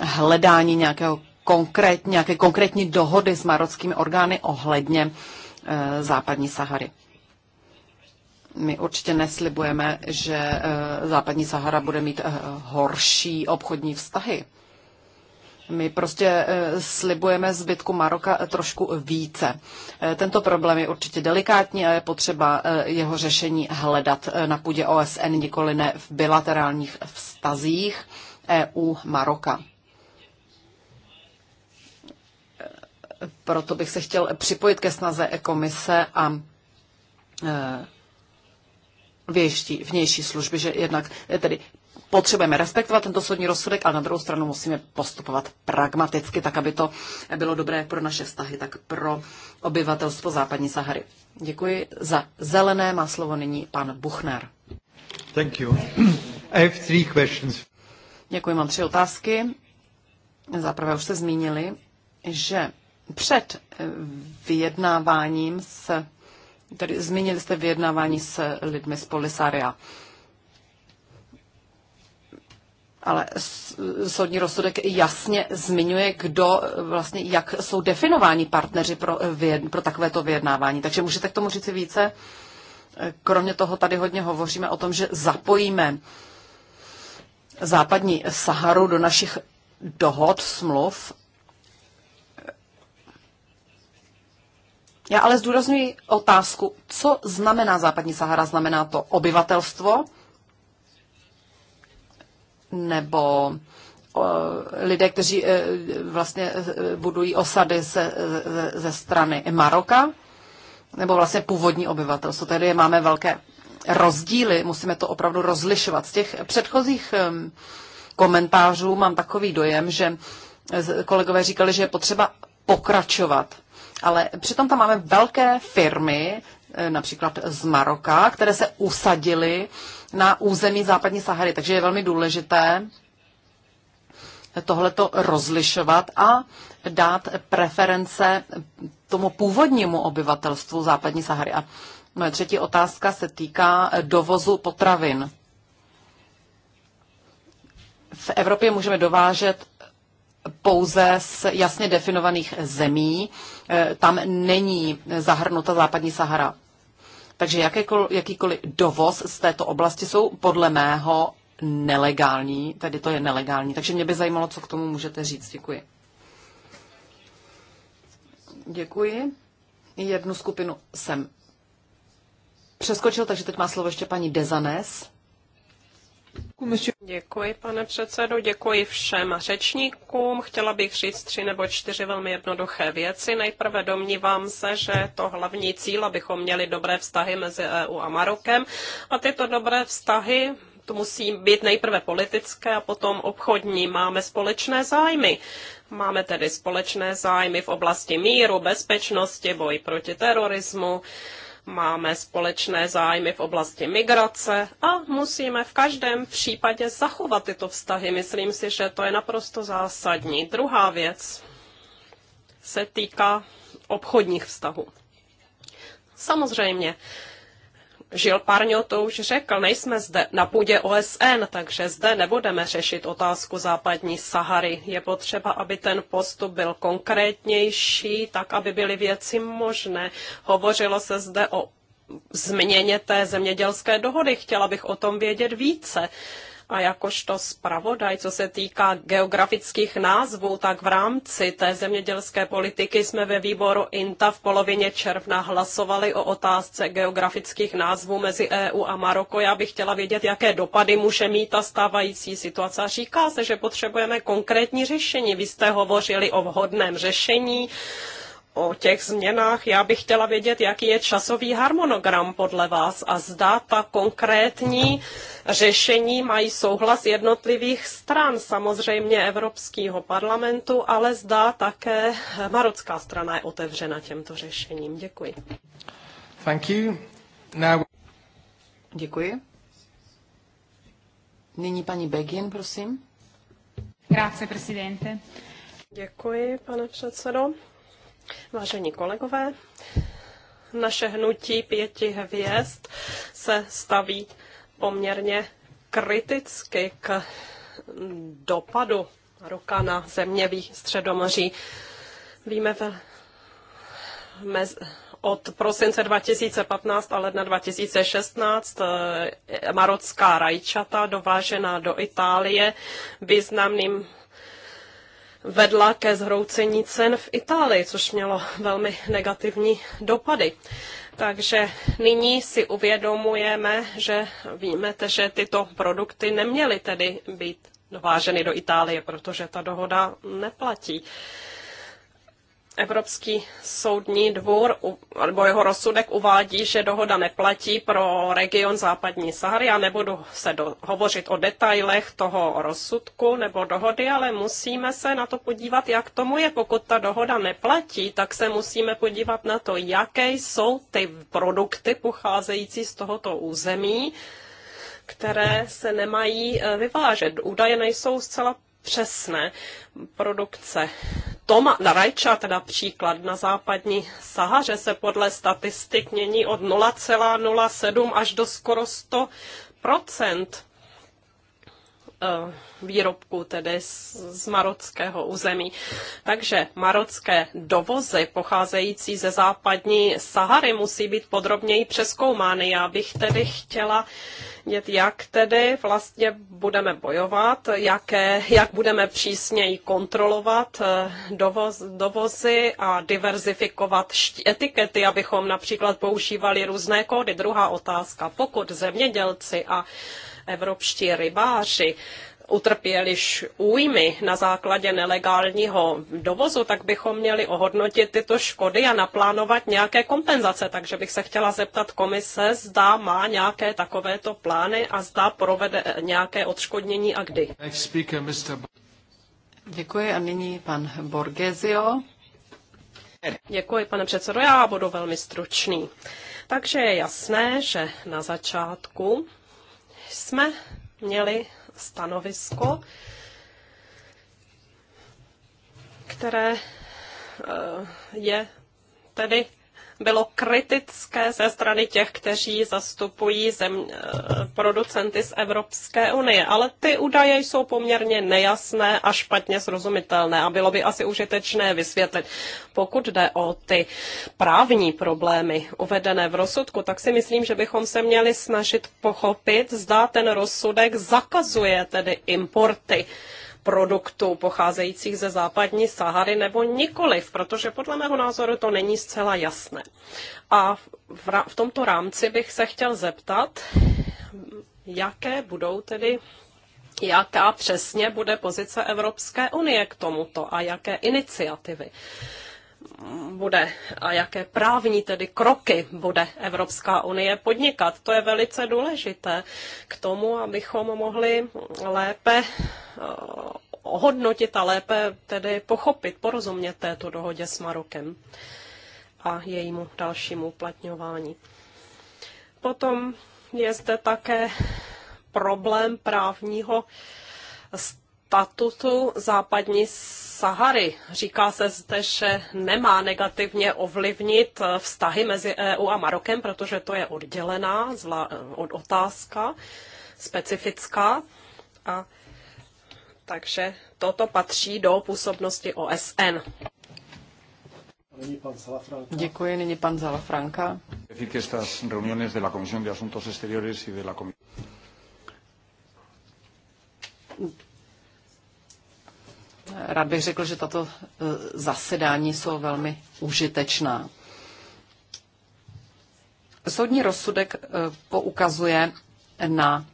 hledání nějakého konkrét, nějaké konkrétní dohody s marockými orgány ohledně uh, západní Sahary. My určitě neslibujeme, že uh, západní Sahara bude mít uh, horší obchodní vztahy. My prostě e, slibujeme zbytku Maroka e, trošku více. E, tento problém je určitě delikátní a je potřeba jeho řešení hledat na půdě OSN, nikoli ne v bilaterálních vztazích EU Maroka. Proto bych se chtěl připojit ke snaze komise a vnější služby, že jednak tedy potřebujeme respektovat tento soudní rozsudek, ale na druhou stranu musíme postupovat pragmaticky, tak aby to bylo dobré pro naše vztahy, tak pro obyvatelstvo západní Sahary. Děkuji za zelené. Má slovo nyní pan Buchner. Thank you. I have three questions. Děkuji, mám tři otázky. Zaprvé už se zmínili, že před eh, vyjednáváním s, tedy zmínili jste vyjednávání s lidmi z Polisaria ale soudní rozsudek jasně zmiňuje, kdo e, vlastně, jak jsou definováni partneři pro, e, pro takovéto vyjednávání. Takže můžete k tomu říct více? E, kromě toho tady hodně hovoříme o tom, že zapojíme západní Saharu do našich dohod, smluv. Já ale zdůraznuju otázku, co znamená západní Sahara? Znamená to obyvatelstvo, nebo lidé, kteří e, vlastně e, budují osady se e, ze, ze strany Maroka, nebo vlastně původní obyvatelstvo. Tady máme velké rozdíly, musíme to opravdu rozlišovat. Z těch předchozích komentářů mám takový dojem, že kolegové říkali, že je potřeba pokračovat. Ale přitom tam máme velké firmy, například z Maroka, které se usadily na území západní Sahary. Takže je velmi důležité tohleto rozlišovat a dát preference tomu původnímu obyvatelstvu západní Sahary. A moje třetí otázka se týká dovozu potravin. V Evropě můžeme dovážet pouze z jasně definovaných zemí. E, tam není zahrnuta západní Sahara. Takže jakékoliv, jakýkoliv dovoz z této oblasti jsou podle mého nelegální, tedy to je nelegální. Takže mě by zajímalo, co k tomu můžete říct. Děkuji. Děkuji. Jednu skupinu jsem přeskočil, takže teď má slovo ještě paní Dezanes. Děkuji, pane předsedo, děkuji všem řečníkům. Chtěla bych říct tři nebo čtyři velmi jednoduché věci. Nejprve domnívám se, že to hlavní cíl, abychom měli dobré vztahy mezi EU a Marokem. A tyto dobré vztahy to musí být nejprve politické a potom obchodní. Máme společné zájmy. Máme tedy společné zájmy v oblasti míru, bezpečnosti, boje proti terorismu máme společné zájmy v oblasti migrace a musíme v každém případě zachovat tyto vztahy. Myslím si, že to je naprosto zásadní. Druhá věc se týká obchodních vztahů. Samozřejmě, Žil Parňo to už řekl, nejsme zde na půdě OSN, takže zde nebudeme řešit otázku západní Sahary. Je potřeba, aby ten postup byl konkrétnější, tak aby byly věci možné. Hovořilo se zde o změně té zemědělské dohody. Chtěla bych o tom vědět více. A jakožto zpravodaj, co se týká geografických názvů, tak v rámci té zemědělské politiky jsme ve výboru INTA v polovině června hlasovali o otázce geografických názvů mezi EU a Maroko. Já bych chtěla vědět, jaké dopady může mít ta stávající situace. říká se, že potřebujeme konkrétní řešení. Vy jste hovořili o vhodném řešení o těch změnách. Já bych chtěla vědět, jaký je časový harmonogram podle vás a zda ta konkrétní řešení mají souhlas jednotlivých stran, samozřejmě Evropského parlamentu, ale zda také marocká strana je otevřena těmto řešením. Děkuji. Thank you. Now... Děkuji. Nyní paní Begin, prosím. Grazie, presidente. Děkuji, pane předsedo. Vážení kolegové, naše hnutí pěti hvězd se staví poměrně kriticky k dopadu roka na země středomoří. Víme v mez, od prosince 2015 a ledna 2016 eh, marocká rajčata dovážená do Itálie významným vedla ke zhroucení cen v Itálii, což mělo velmi negativní dopady. Takže nyní si uvědomujeme, že víme, že tyto produkty neměly tedy být dováženy do Itálie, protože ta dohoda neplatí. Uh, Evropský soudní dvůr nebo jeho rozsudek uvádí, že dohoda neplatí pro region západní Sahary. Já nebudu se do, hovořit o detailech toho rozsudku nebo dohody, ale musíme se na to podívat, jak tomu je. Pokud ta dohoda neplatí, tak se musíme podívat na to, jaké jsou ty produkty pocházející z tohoto území, které se nemají eh, vyvážet. Údaje nejsou zcela přesné produkce Toma, na teda příklad na západní Sahaře se podle statistik mění od 0,07 až do skoro 100 Eh, výrobku, tedy z marockého území. Takže marocké dovozy pocházející ze západní Sahary musí být podrobněji přeskoumány. Já bych tedy chtěla vědět, jak tedy vlastně budeme bojovat, jaké, jak budeme přísněji kontrolovat eh, dovoz, dovozy a diverzifikovat etikety, abychom například používali různé kódy. Druhá otázka, pokud zemědělci a evropští rybáři utrpěli újmy na základě nelegálního dovozu, tak bychom měli ohodnotit tyto škody a naplánovat nějaké kompenzace. Takže bych se chtěla zeptat komise, zda má nějaké takovéto plány a zda provede nějaké odškodnění a kdy. Děkuji a nyní pan Borgesio. Děkuji, pane předsedo. Já budu velmi stručný. Takže je jasné, že na začátku jsme měli stanovisko, které eh, je tedy bylo kritické ze strany těch, kteří zastupují zem, eh, producenty z Evropské unie. Ale ty údaje jsou poměrně nejasné a špatně srozumitelné a bylo by asi užitečné vysvětlit. Pokud jde o ty právní problémy uvedené v rozsudku, tak si myslím, že bychom se měli snažit pochopit, zda ten rozsudek zakazuje tedy importy produktů pocházejících ze západní Sahary nebo nikoliv, protože podle mého názoru to není zcela jasné. A v, v tomto rámci bych se chtěl zeptat, jaké budou tedy jaká přesně bude pozice Evropské unie k tomuto a jaké iniciativy bude a jaké právní tedy kroky bude Evropská unie podnikat. To je velice důležité k tomu, abychom mohli lépe eh, ohodnotit a lépe tedy pochopit, porozumět této dohodě s Marokem a jejímu dalšímu uplatňování. Potom je zde také problém právního statutu západní Sahary. Říká se zde, že nemá negativně ovlivnit eh, vztahy mezi EU a Marokem, protože to je oddělená zla, eh, od otázka, specifická. A, takže toto patří do působnosti OSN. Děkuji, nyní pan Zalafranka. Rád bych řekl, že tato e, zasedání jsou velmi užitečná. Soudní rozsudek e, poukazuje na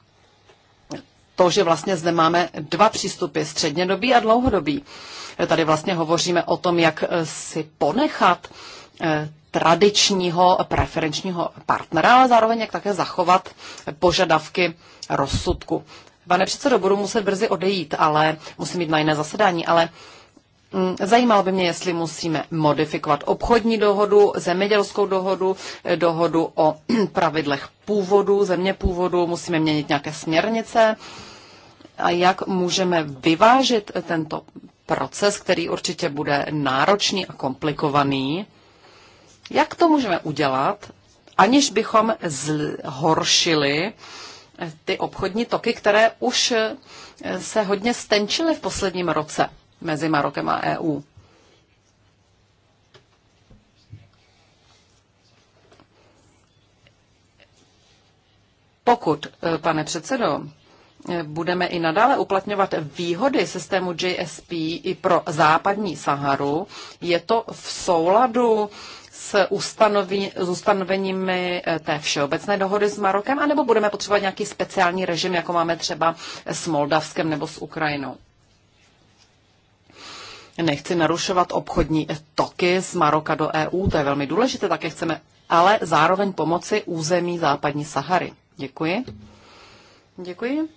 to, že vlastně zde máme dva přístupy, střednědobý a dlouhodobý. Tady vlastně hovoříme o tom, jak e, si ponechat tradičního preferenčního partnera, ale zároveň jak také zachovat požadavky rozsudku. Pane předsedo, budu muset brzy odejít, ale musím mít na jiné zasedání, ale mm, Zajímalo by mě, jestli musíme modifikovat obchodní dohodu, zemědělskou dohodu, dohodu o pravidlech původu, země původu, musíme měnit nějaké směrnice a jak můžeme vyvážit tento proces, který určitě bude náročný a komplikovaný. Jak to můžeme udělat, aniž bychom zhoršili ty obchodní toky, které už eh, se hodně stenčily v posledním roce mezi Marokem a EU. Pokud, eh, pane předsedo, eh, budeme i nadále uplatňovat výhody systému JSP i pro západní Saharu, je to v souladu s, ustanoví, s ustanoveními eh, té všeobecné dohody s Marokem, anebo budeme potřebovat nějaký speciální režim, jako máme třeba s Moldavskem nebo s Ukrajinou? Nechci narušovat obchodní toky z Maroka do EU, to je velmi důležité, také chceme, ale zároveň pomoci území západní Sahary. Děkuji. Děkuji.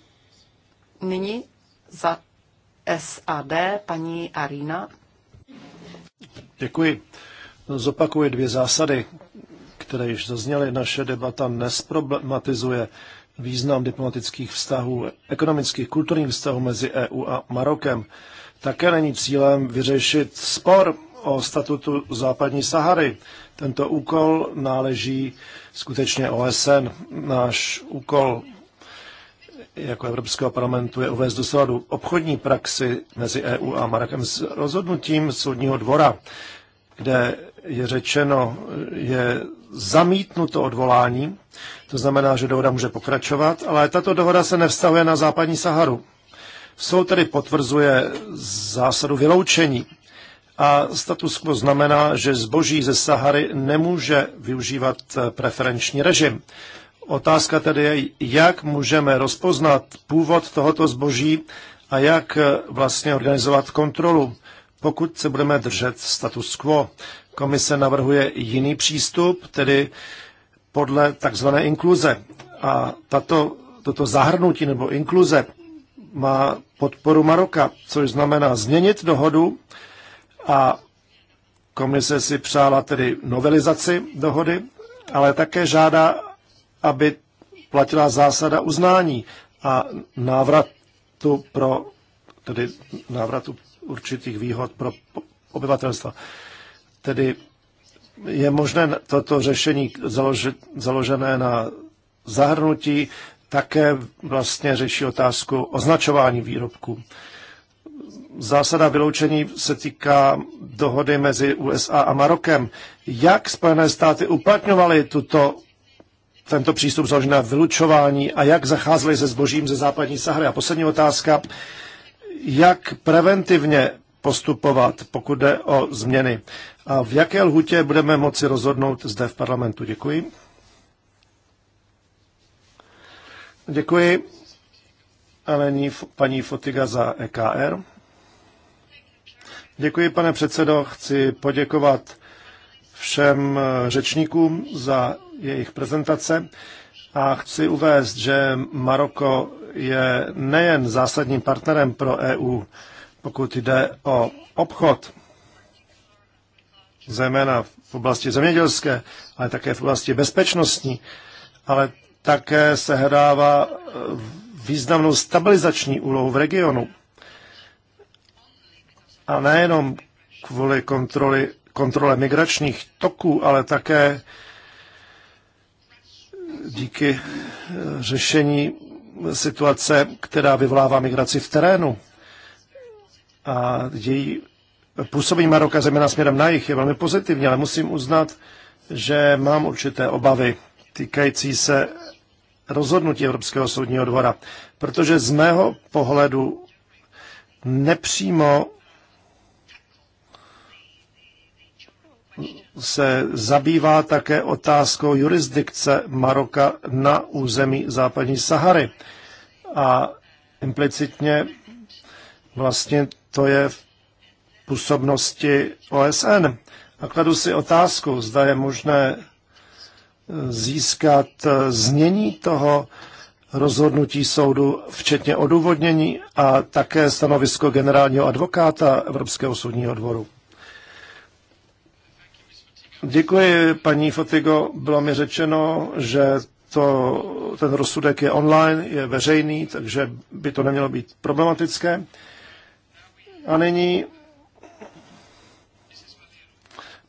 Nyní za SAD paní Arina. Děkuji zopakuji dvě zásady, které již zazněly. Naše debata nesproblematizuje význam diplomatických vztahů, ekonomických, kulturních vztahů mezi EU a Marokem. Také není cílem vyřešit spor o statutu západní Sahary. Tento úkol náleží skutečně OSN. Náš úkol jako Evropského parlamentu je uvést do souladu obchodní praxi mezi EU a Marokem s rozhodnutím soudního dvora, kde je řečeno, je zamítnuto odvolání, to znamená, že dohoda může pokračovat, ale tato dohoda se nevztahuje na západní Saharu. Soud tedy potvrzuje zásadu vyloučení a status quo znamená, že zboží ze Sahary nemůže využívat preferenční režim. Otázka tedy je, jak můžeme rozpoznat původ tohoto zboží a jak vlastně organizovat kontrolu, pokud se budeme držet status quo. Komise navrhuje jiný přístup, tedy podle takzvané inkluze. A tato, toto zahrnutí nebo inkluze má podporu Maroka, což znamená změnit dohodu a komise si přála tedy novelizaci dohody, ale také žádá, aby platila zásada uznání a návratu pro tedy návratu určitých výhod pro obyvatelstva. Tedy je možné toto řešení založit, založené na zahrnutí také vlastně řeší otázku označování výrobků. Zásada vyloučení se týká dohody mezi USA a Marokem. Jak Spojené státy uplatňovaly tuto, tento přístup založený na vylučování a jak zacházely se zbožím ze západní Sahary? A poslední otázka, jak preventivně postupovat, pokud jde o změny. A v jaké lhutě budeme moci rozhodnout zde v parlamentu? Děkuji. Děkuji. A není paní Fotiga za EKR. Děkuji, pane předsedo. Chci poděkovat všem eh, řečníkům za jejich prezentace a chci uvést, že Maroko je nejen zásadním partnerem pro EU, pokud jde o obchod, zejména v oblasti zemědělské, ale také v oblasti bezpečnostní, ale také se hrává významnou stabilizační úlohu v regionu. A nejenom kvůli kontroli, kontrole migračních toků, ale také díky eh, řešení situace, která vyvolává migraci v terénu a její působení Maroka zeměna směrem na jich je velmi pozitivní, ale musím uznat, že mám určité obavy týkající se rozhodnutí Evropského soudního dvora, protože z mého pohledu nepřímo se zabývá také otázkou jurisdikce Maroka na území západní Sahary a implicitně vlastně to je v působnosti OSN. A kladu si otázku, zda je možné eh, získat eh, znění toho rozhodnutí soudu, včetně odůvodnění a také stanovisko generálního advokáta Evropského soudního dvoru. Děkuji, paní Fotigo. Bylo mi řečeno, že to, ten rozsudek je online, je veřejný, takže by to nemělo být problematické. A nyní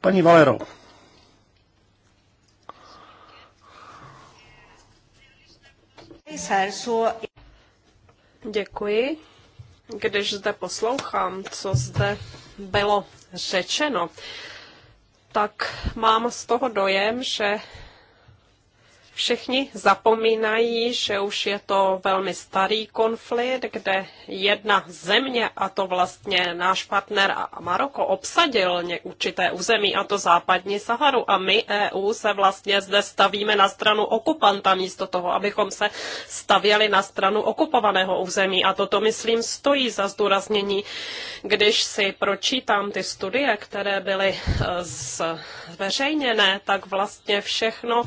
paní Valero. Děkuji. Když zde poslouchám, co zde bylo řečeno, tak mám z toho dojem, že Všichni zapomínají, že už je to velmi starý konflikt, kde jedna země, a to vlastně náš partner Maroko, obsadil určité území, a to západní Saharu. A my EU se vlastně zde stavíme na stranu okupanta místo toho, abychom se stavěli na stranu okupovaného území. A toto, myslím, stojí za zdůraznění, když si pročítám ty studie, které byly e, zveřejněné, tak vlastně všechno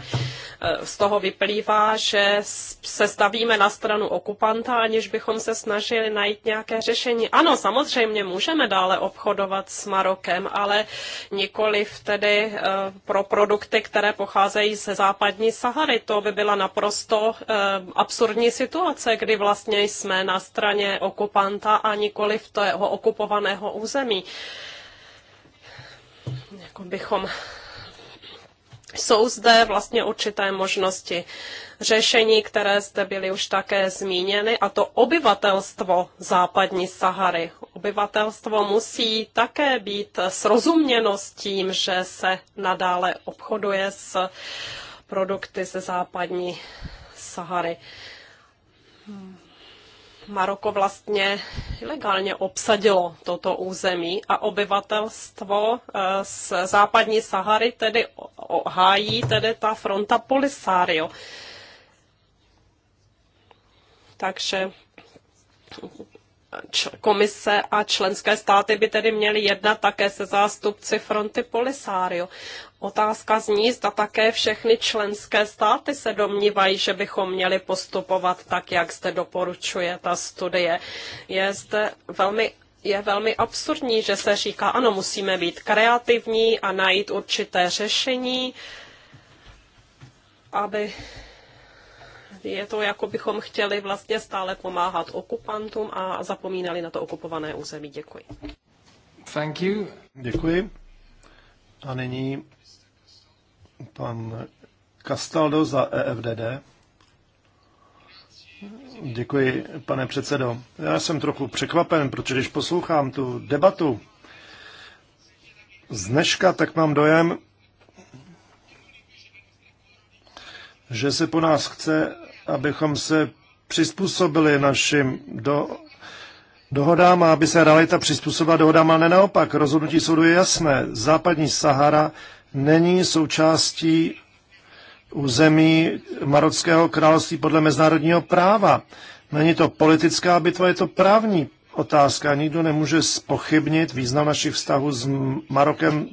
e, z toho vyplývá, že se stavíme na stranu okupanta, aniž bychom se snažili najít nějaké řešení. Ano, samozřejmě můžeme dále obchodovat s Marokem, ale nikoli tedy eh, pro produkty, které pocházejí ze západní Sahary. To by byla naprosto eh, absurdní situace, kdy vlastně jsme na straně okupanta a nikoli v toho okupovaného území. Jako bychom jsou zde vlastně určité možnosti řešení, které zde byly už také zmíněny, a to obyvatelstvo západní Sahary. Obyvatelstvo musí také být srozuměno s tím, že se nadále obchoduje s produkty ze západní Sahary. Hmm Maroko vlastně ilegálně obsadilo toto území a obyvatelstvo eh, z západní Sahary tedy hájí tedy ta fronta Polisario. Takže komise a členské státy by tedy měly jednat také se zástupci fronty Polisario. Otázka zní, zda také všechny členské státy se domnívají, že bychom měli postupovat tak, jak zde doporučuje ta studie. Je zde velmi je velmi absurdní, že se říká, ano, musíme být kreativní a najít určité řešení, aby je to, jako bychom chtěli vlastně stále pomáhat okupantům a zapomínali na to okupované území. Děkuji. Thank you. Děkuji. A nyní Pan Castaldo za EFDD. Děkuji, pane předsedo. Já jsem trochu překvapen, protože když poslouchám tu debatu z dneška, tak mám dojem, že se po nás chce, abychom se přizpůsobili našim do, dohodám a aby se realita přizpůsobila dohodám, ale ne naopak. Rozhodnutí soudu je jasné. Západní Sahara není součástí území Marockého království podle mezinárodního práva. Není to politická bitva, je to právní otázka. Nikdo nemůže spochybnit význam našich vztahů s Marokem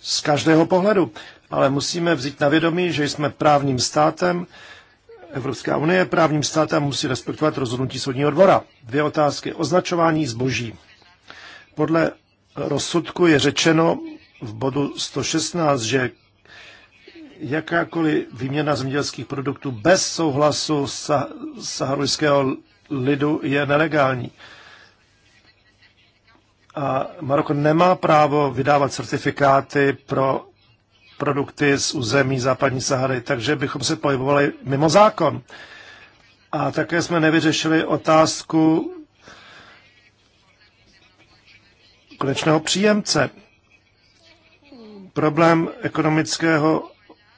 z každého pohledu. Ale musíme vzít na vědomí, že jsme právním státem, Evropská unie je právním státem musí respektovat rozhodnutí soudního dvora. Dvě otázky. Označování zboží. Podle rozsudku je řečeno, v bodu 116, že jakákoliv výměna zemědělských produktů bez souhlasu sah- saharujského lidu je nelegální. A Maroko nemá právo vydávat certifikáty pro produkty z území západní Sahary, takže bychom se pohybovali mimo zákon. A také jsme nevyřešili otázku konečného příjemce. Problém ekonomického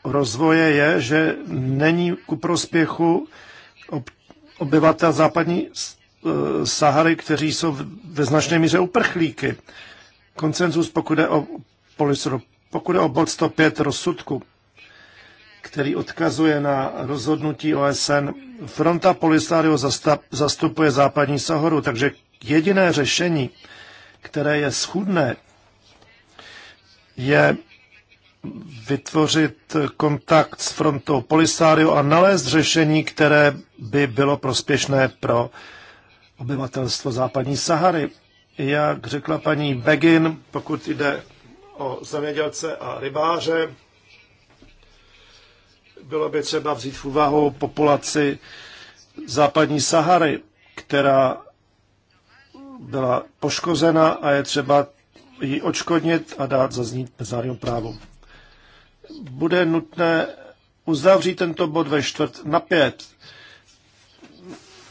rozvoje je, že není ku prospěchu obyvatel západní e, Sahary, kteří jsou ve značné míře uprchlíky. Koncenzus, pokud jde o polisru, pokud je o bod 105 rozsudku, který odkazuje na rozhodnutí OSN, fronta Polisario zastupuje západní Saharu, takže jediné řešení, které je schudné, je vytvořit kontakt s frontou Polisario a nalézt řešení, které by bylo prospěšné pro obyvatelstvo západní Sahary. Jak řekla paní Begin, pokud jde o zemědělce a rybáře, bylo by třeba vzít v úvahu populaci západní Sahary, která byla poškozena a je třeba ji očkodnit a dát zaznít mezinárodnímu právu bude nutné uzavřít tento bod ve čtvrt na pět.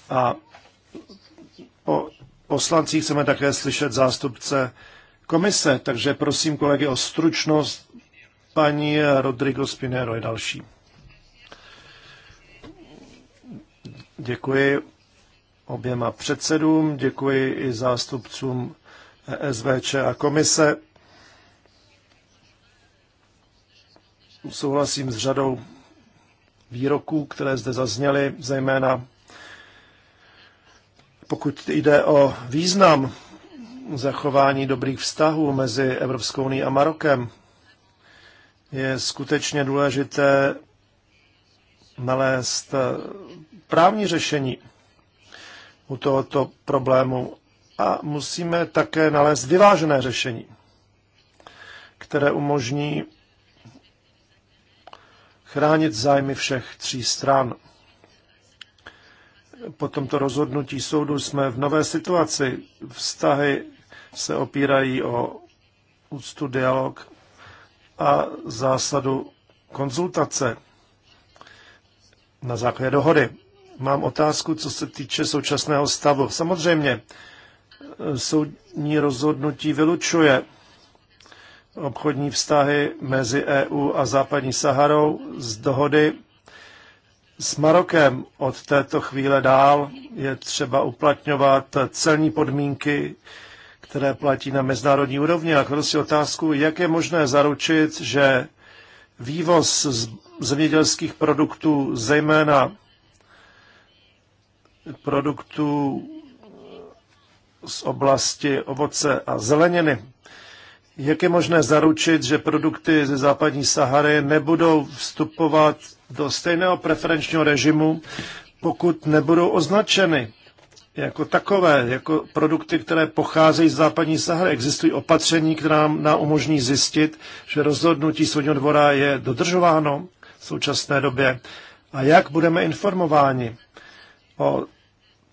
A po poslancích chceme také slyšet zástupce komise, takže prosím kolegy o stručnost. Paní Rodrigo Spinero je další. Děkuji oběma předsedům, děkuji i zástupcům e SVČ a komise souhlasím s řadou výroků, které zde zazněly, zejména pokud jde o význam zachování dobrých vztahů mezi Evropskou unii a Marokem, je skutečně důležité nalézt právní řešení u tohoto problému a musíme také nalézt vyvážené řešení, které umožní chránit zájmy všech tří stran. Po tomto rozhodnutí soudu jsme v nové situaci. Vztahy se opírají o úctu dialog a zásadu konzultace na základě dohody. Mám otázku, co se týče současného stavu. Samozřejmě soudní rozhodnutí vylučuje obchodní vztahy mezi EU a západní Saharou z dohody s Marokem od této chvíle dál je třeba uplatňovat celní podmínky, které platí na mezinárodní úrovni. A kladu si otázku, jak je možné zaručit, že vývoz z zemědělských produktů, zejména produktů z oblasti ovoce a zeleniny, jak je možné zaručit, že produkty ze západní Sahary nebudou vstupovat do stejného preferenčního režimu, pokud nebudou označeny jako takové, jako produkty, které pocházejí z západní Sahary. Existují opatření, která nám, nám umožní zjistit, že rozhodnutí soudního dvora je dodržováno v současné době. A jak budeme informováni o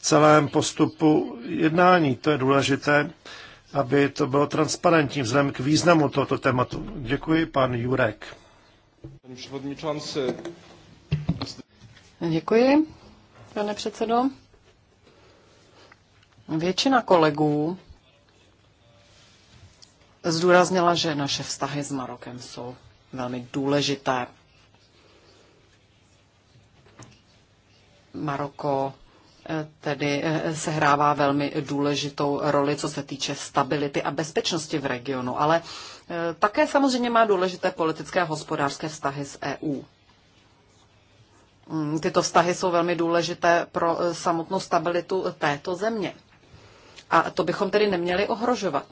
celém postupu jednání, to je důležité aby to bylo transparentní vzhledem k významu tohoto tématu. Děkuji, pan Jurek. Děkuji, pane předsedo. Většina kolegů zdůraznila, že naše vztahy s Marokem jsou velmi důležité. Maroko tedy eh, sehrává velmi důležitou roli, co se týče stability a bezpečnosti v regionu, ale eh, také samozřejmě má důležité politické a hospodářské vztahy s EU. Mm, tyto vztahy jsou velmi důležité pro eh, samotnou stabilitu této země. A to bychom tedy neměli ohrožovat.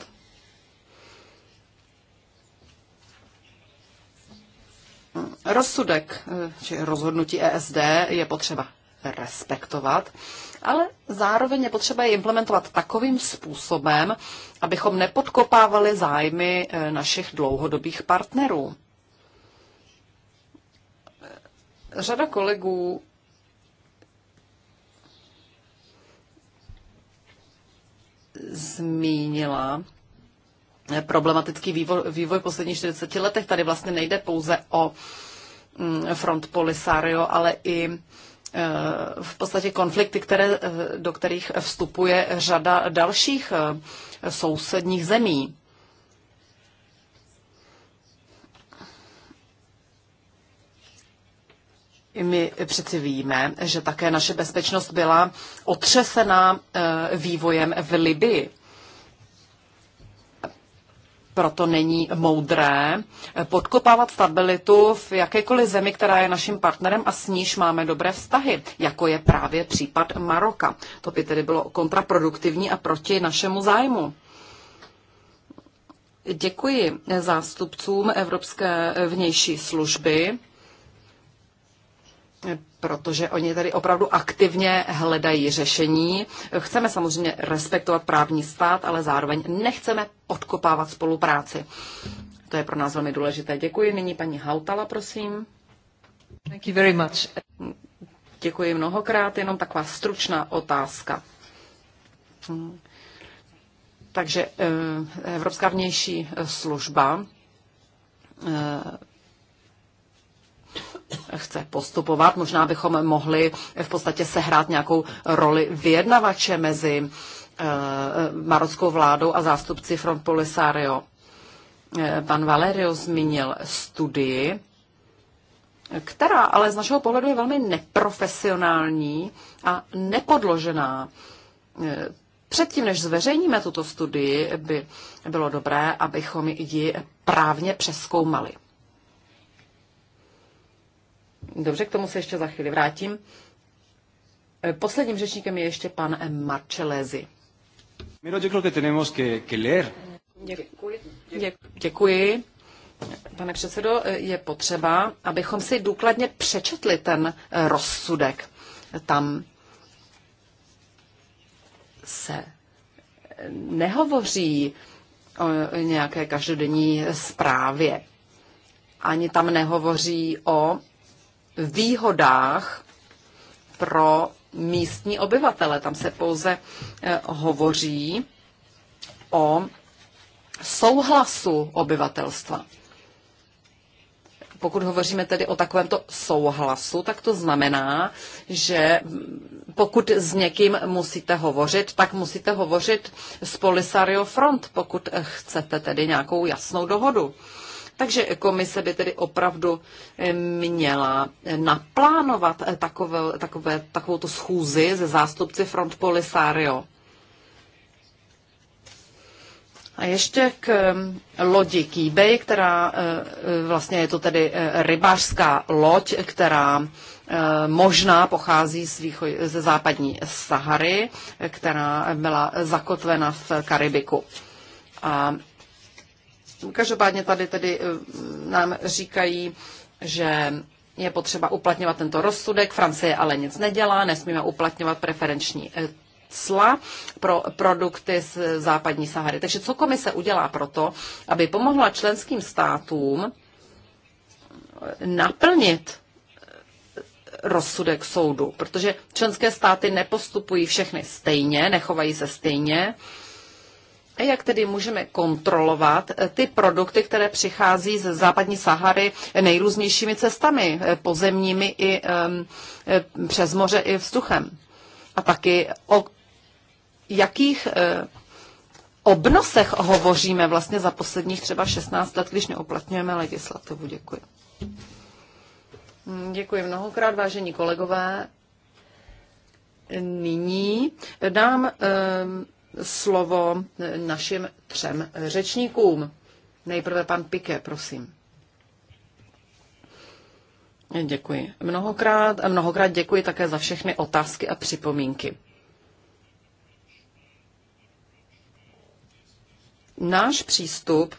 Mm, rozsudek či rozhodnutí ESD je potřeba respektovat, ale zároveň je potřeba je implementovat takovým způsobem, abychom nepodkopávali zájmy eh, našich dlouhodobých partnerů. Řada kolegů zmínila problematický vývoj, vývoj v posledních 40 letech. Tady vlastně nejde pouze o mm, Front Polisario, ale i Eh, v podstatě konflikty, které, eh, do kterých vstupuje řada dalších eh, sousedních zemí. My přeci víme, že také naše bezpečnost byla otřesená vývojem v Libii proto není moudré eh, podkopávat stabilitu v jakékoliv zemi, která je naším partnerem a s níž máme dobré vztahy, jako je právě případ Maroka. To by tedy bylo kontraproduktivní a proti našemu zájmu. Děkuji eh, zástupcům Evropské eh, vnější služby protože oni tady opravdu aktivně hledají řešení. Chceme samozřejmě respektovat právní stát, ale zároveň nechceme podkopávat spolupráci. To je pro nás velmi důležité. Děkuji. Nyní paní Hautala, prosím. Thank you very much. Děkuji mnohokrát. Jenom taková stručná otázka. Takže eh, Evropská vnější eh, služba eh, chce postupovat. Možná bychom mohli v podstatě sehrát nějakou roli vyjednavače mezi eh, marockou vládou a zástupci Front Polisario. Eh, pan Valerio zmínil studii, která ale z našeho pohledu je velmi neprofesionální a nepodložená. Eh, předtím, než zveřejníme tuto studii, by bylo dobré, abychom ji právně přeskoumali. Dobře, k tomu se ještě za chvíli vrátím. E, posledním řečníkem je ještě pan Marcellesi. Miro, leer. Děkuji. Děkuji. Pane předsedo, e, je potřeba, abychom si důkladně přečetli ten e, rozsudek. Tam se nehovoří o nějaké každodenní zprávě. Ani tam nehovoří o výhodách pro místní obyvatele. Tam se pouze eh, hovoří o souhlasu obyvatelstva. Pokud hovoříme tedy o takovémto souhlasu, tak to znamená, že pokud s někým musíte hovořit, tak musíte hovořit s Polisario Front, pokud chcete tedy nějakou jasnou dohodu. Takže komise by tedy opravdu eh, měla naplánovat eh, takové, takové, takovouto schůzi ze zástupci Front Polisario. A ještě k eh, lodi Kýbej, která vlastně je to tedy rybářská loď, která možná pochází z výcho- ze západní Sahary, která byla zakotvena v Karibiku. A Každopádně tady tedy eh, nám říkají, že je potřeba uplatňovat tento rozsudek. Francie ale nic nedělá, nesmíme uplatňovat preferenční eh, cla pro produkty z západní Sahary. Takže co komise udělá pro to, aby pomohla členským státům eh, naplnit rozsudek soudu, protože členské státy nepostupují všechny stejně, nechovají se stejně jak tedy můžeme kontrolovat eh, ty produkty, které přichází ze západní Sahary nejrůznějšími cestami, eh, pozemními i um, přes moře i vzduchem. A taky o jakých uh, obnosech hovoříme vlastně za posledních třeba 16 let, když neoplatňujeme legislativu. Děkuji. Hmm, děkuji mnohokrát, vážení kolegové. Nyní dám um, slovo našim třem řečníkům. Nejprve pan Pike, prosím. Děkuji mnohokrát mnohokrát děkuji také za všechny otázky a připomínky. Náš přístup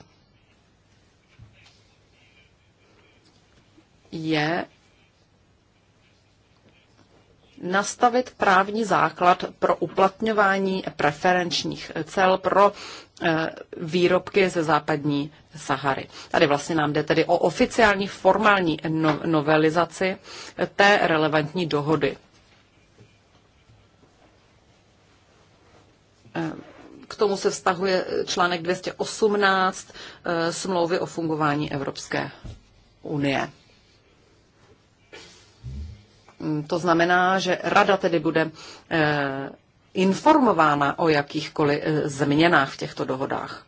je nastavit právní základ pro uplatňování preferenčních cel pro eh, výrobky ze západní Sahary. Tady vlastně nám jde tedy o oficiální formální no, novelizaci eh, té relevantní dohody. Eh, k tomu se vztahuje článek 218 smlouvy o fungování Evropské unie. Mm, to znamená, že rada tedy bude eh, informována o jakýchkoliv eh, změnách v těchto dohodách.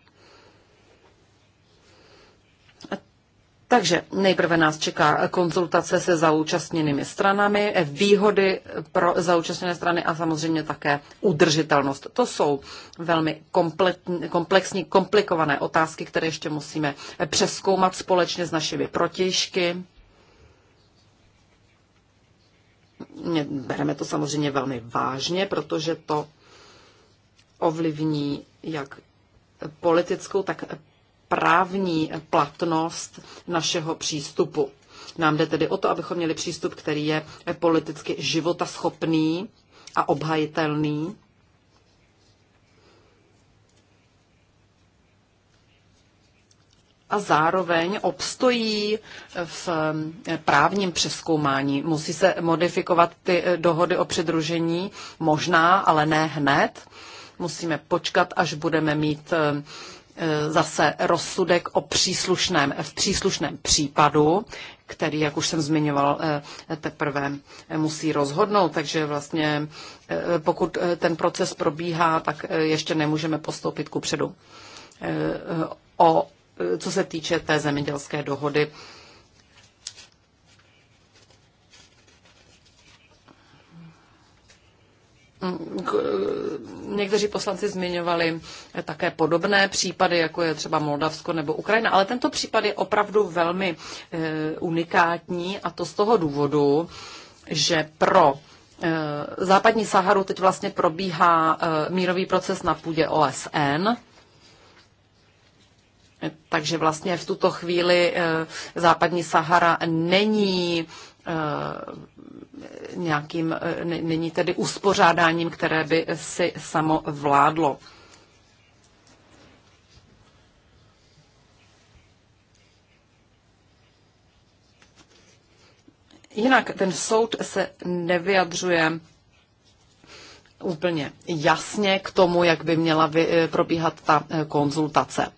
Takže nejprve nás čeká konzultace se zaúčastněnými stranami, eh, výhody pro zaúčastněné strany a samozřejmě také udržitelnost. To jsou velmi komplexní, komplikované otázky, které ještě musíme přeskoumat společně s našimi protěžky. Bereme to samozřejmě velmi vážně, protože to ovlivní jak politickou, tak právní platnost našeho přístupu. Nám jde tedy o to, abychom měli přístup, který je politicky životaschopný a obhajitelný a zároveň obstojí v eh, právním přeskoumání. Musí se modifikovat ty eh, dohody o přidružení, možná, ale ne hned. Musíme počkat, až budeme mít eh, zase rozsudek o příslušném, v příslušném případu, který, jak už jsem zmiňoval, teprve musí rozhodnout. Takže vlastně pokud ten proces probíhá, tak ještě nemůžeme postoupit ku předu. O Eh, co se týče té zemědělské dohody. Eh, někteří poslanci zmiňovali také podobné případy, jako je třeba Moldavsko nebo Ukrajina, ale tento případ je opravdu velmi eh, unikátní a to z toho důvodu, že pro západní Saharu teď vlastně probíhá mírový proces na půdě OSN. Takže vlastně v tuto chvíli eh, západní Sahara není eh, nějakým, eh, není tedy uspořádáním, které by si samo vládlo. Jinak ten soud se nevyjadřuje úplně jasně k tomu, jak by měla probíhat ta konzultace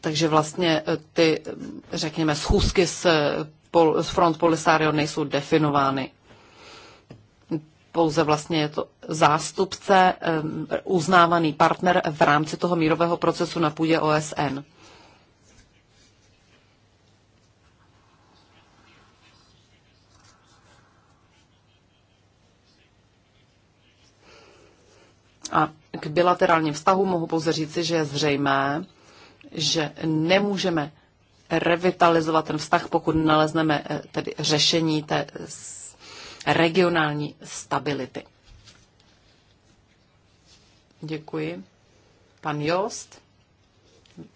takže vlastně e, ty, řekněme, schůzky s, e, pol, s Front Polisario nejsou definovány. Pouze vlastně je to zástupce, e, uznávaný partner v rámci toho mírového procesu na půdě OSN. A k bilaterálním vztahu mohu pouze říci, že je zřejmé, že nemůžeme revitalizovat ten vztah, pokud nalezneme eh, tedy řešení té regionální stability. Děkuji. Pan Jost.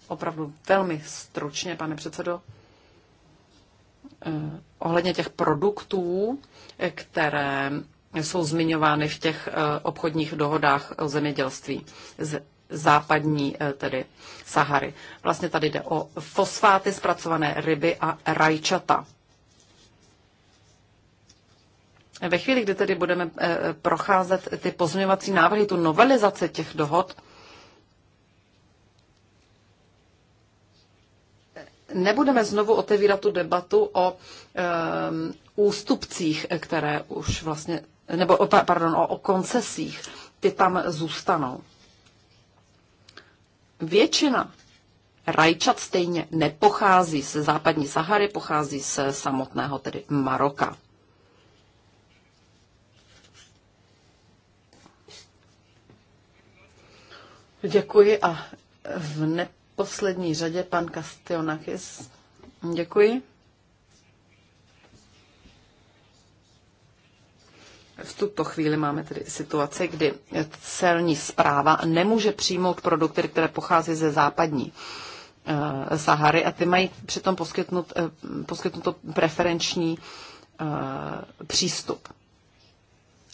Opravdu velmi stručně, pane předsedo. Eh, ohledně těch produktů, eh, které jsou zmiňovány v těch obchodních dohodách o zemědělství západní eh, tedy Sahary. Vlastně tady jde o fosfáty zpracované ryby a rajčata. Ve chvíli, kdy tedy budeme eh, procházet ty pozměňovací návrhy, tu novelizaci těch dohod, nebudeme znovu otevírat tu debatu o um, ústupcích, které už vlastně, nebo pardon, o, o koncesích, ty tam zůstanou. Většina rajčat stejně nepochází ze západní Sahary, pochází se samotného tedy Maroka. Děkuji a v neposlední řadě pan Kastionakis. Děkuji. V tuto chvíli máme tedy situaci, kdy celní zpráva nemůže přijmout produkty, které pochází ze západní eh, Sahary a ty mají přitom poskytnut, eh, poskytnuto preferenční eh, přístup.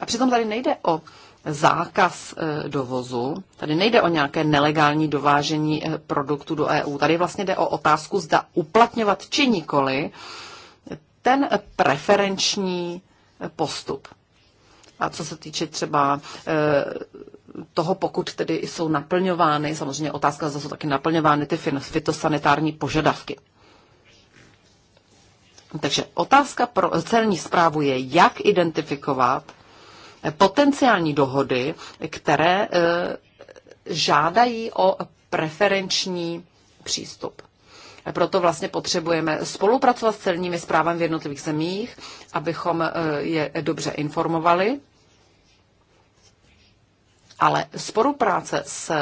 A přitom tady nejde o zákaz dovozu, tady nejde o nějaké nelegální dovážení produktu do EU, tady vlastně jde o otázku, zda uplatňovat či nikoli ten preferenční postup. A co se týče třeba eh, toho, pokud tedy jsou naplňovány, samozřejmě otázka, zda jsou taky naplňovány ty fitosanitární požadavky. Takže otázka pro celní zprávu je, jak identifikovat eh, potenciální dohody, které eh, žádají o preferenční přístup. Proto vlastně potřebujeme spolupracovat s celními zprávami v jednotlivých zemích, abychom eh, je dobře informovali. Ale spolupráce s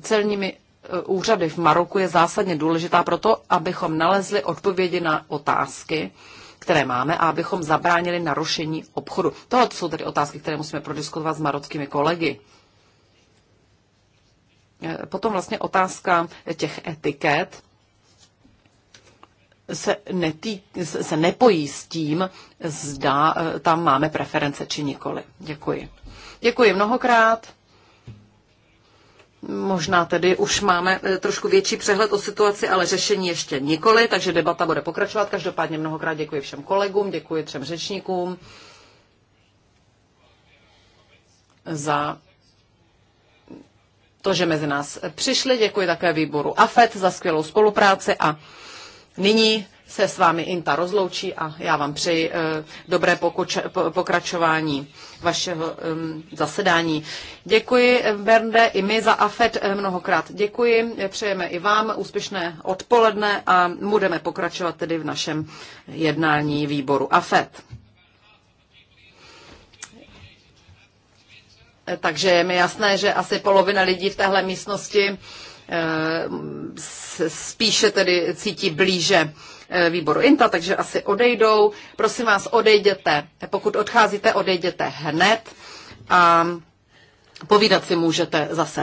celními eh, úřady v Maroku je zásadně důležitá proto, abychom nalezli odpovědi na otázky, které máme a abychom zabránili narušení obchodu. Tohle jsou tedy otázky, které musíme prodiskutovat s marockými kolegy. Eh, potom vlastně otázka těch etiket se, netý, se nepojí s tím, zda eh, tam máme preference či nikoli. Děkuji. Děkuji mnohokrát. Možná tedy už máme eh, trošku větší přehled o situaci, ale řešení ještě nikoli, takže debata bude pokračovat. Každopádně mnohokrát děkuji všem kolegům, děkuji třem řečníkům za to, že mezi nás přišli. Děkuji také výboru AFET za skvělou spolupráci a Nyní se s vámi Inta rozloučí a já vám přeji eh, dobré pokračování vašeho ehm, zasedání. Děkuji, eh, Bernde, i my za AFED eh, mnohokrát děkuji. Přejeme i vám úspěšné odpoledne a budeme pokračovat tedy v našem jednání výboru AFED. Takže je mi jasné, že asi polovina lidí v téhle místnosti Eh, spíše tedy cítí blíže eh, výboru INTA, takže asi odejdou. Prosím vás, odejděte. Pokud odcházíte, odejděte hned a povídat si můžete zase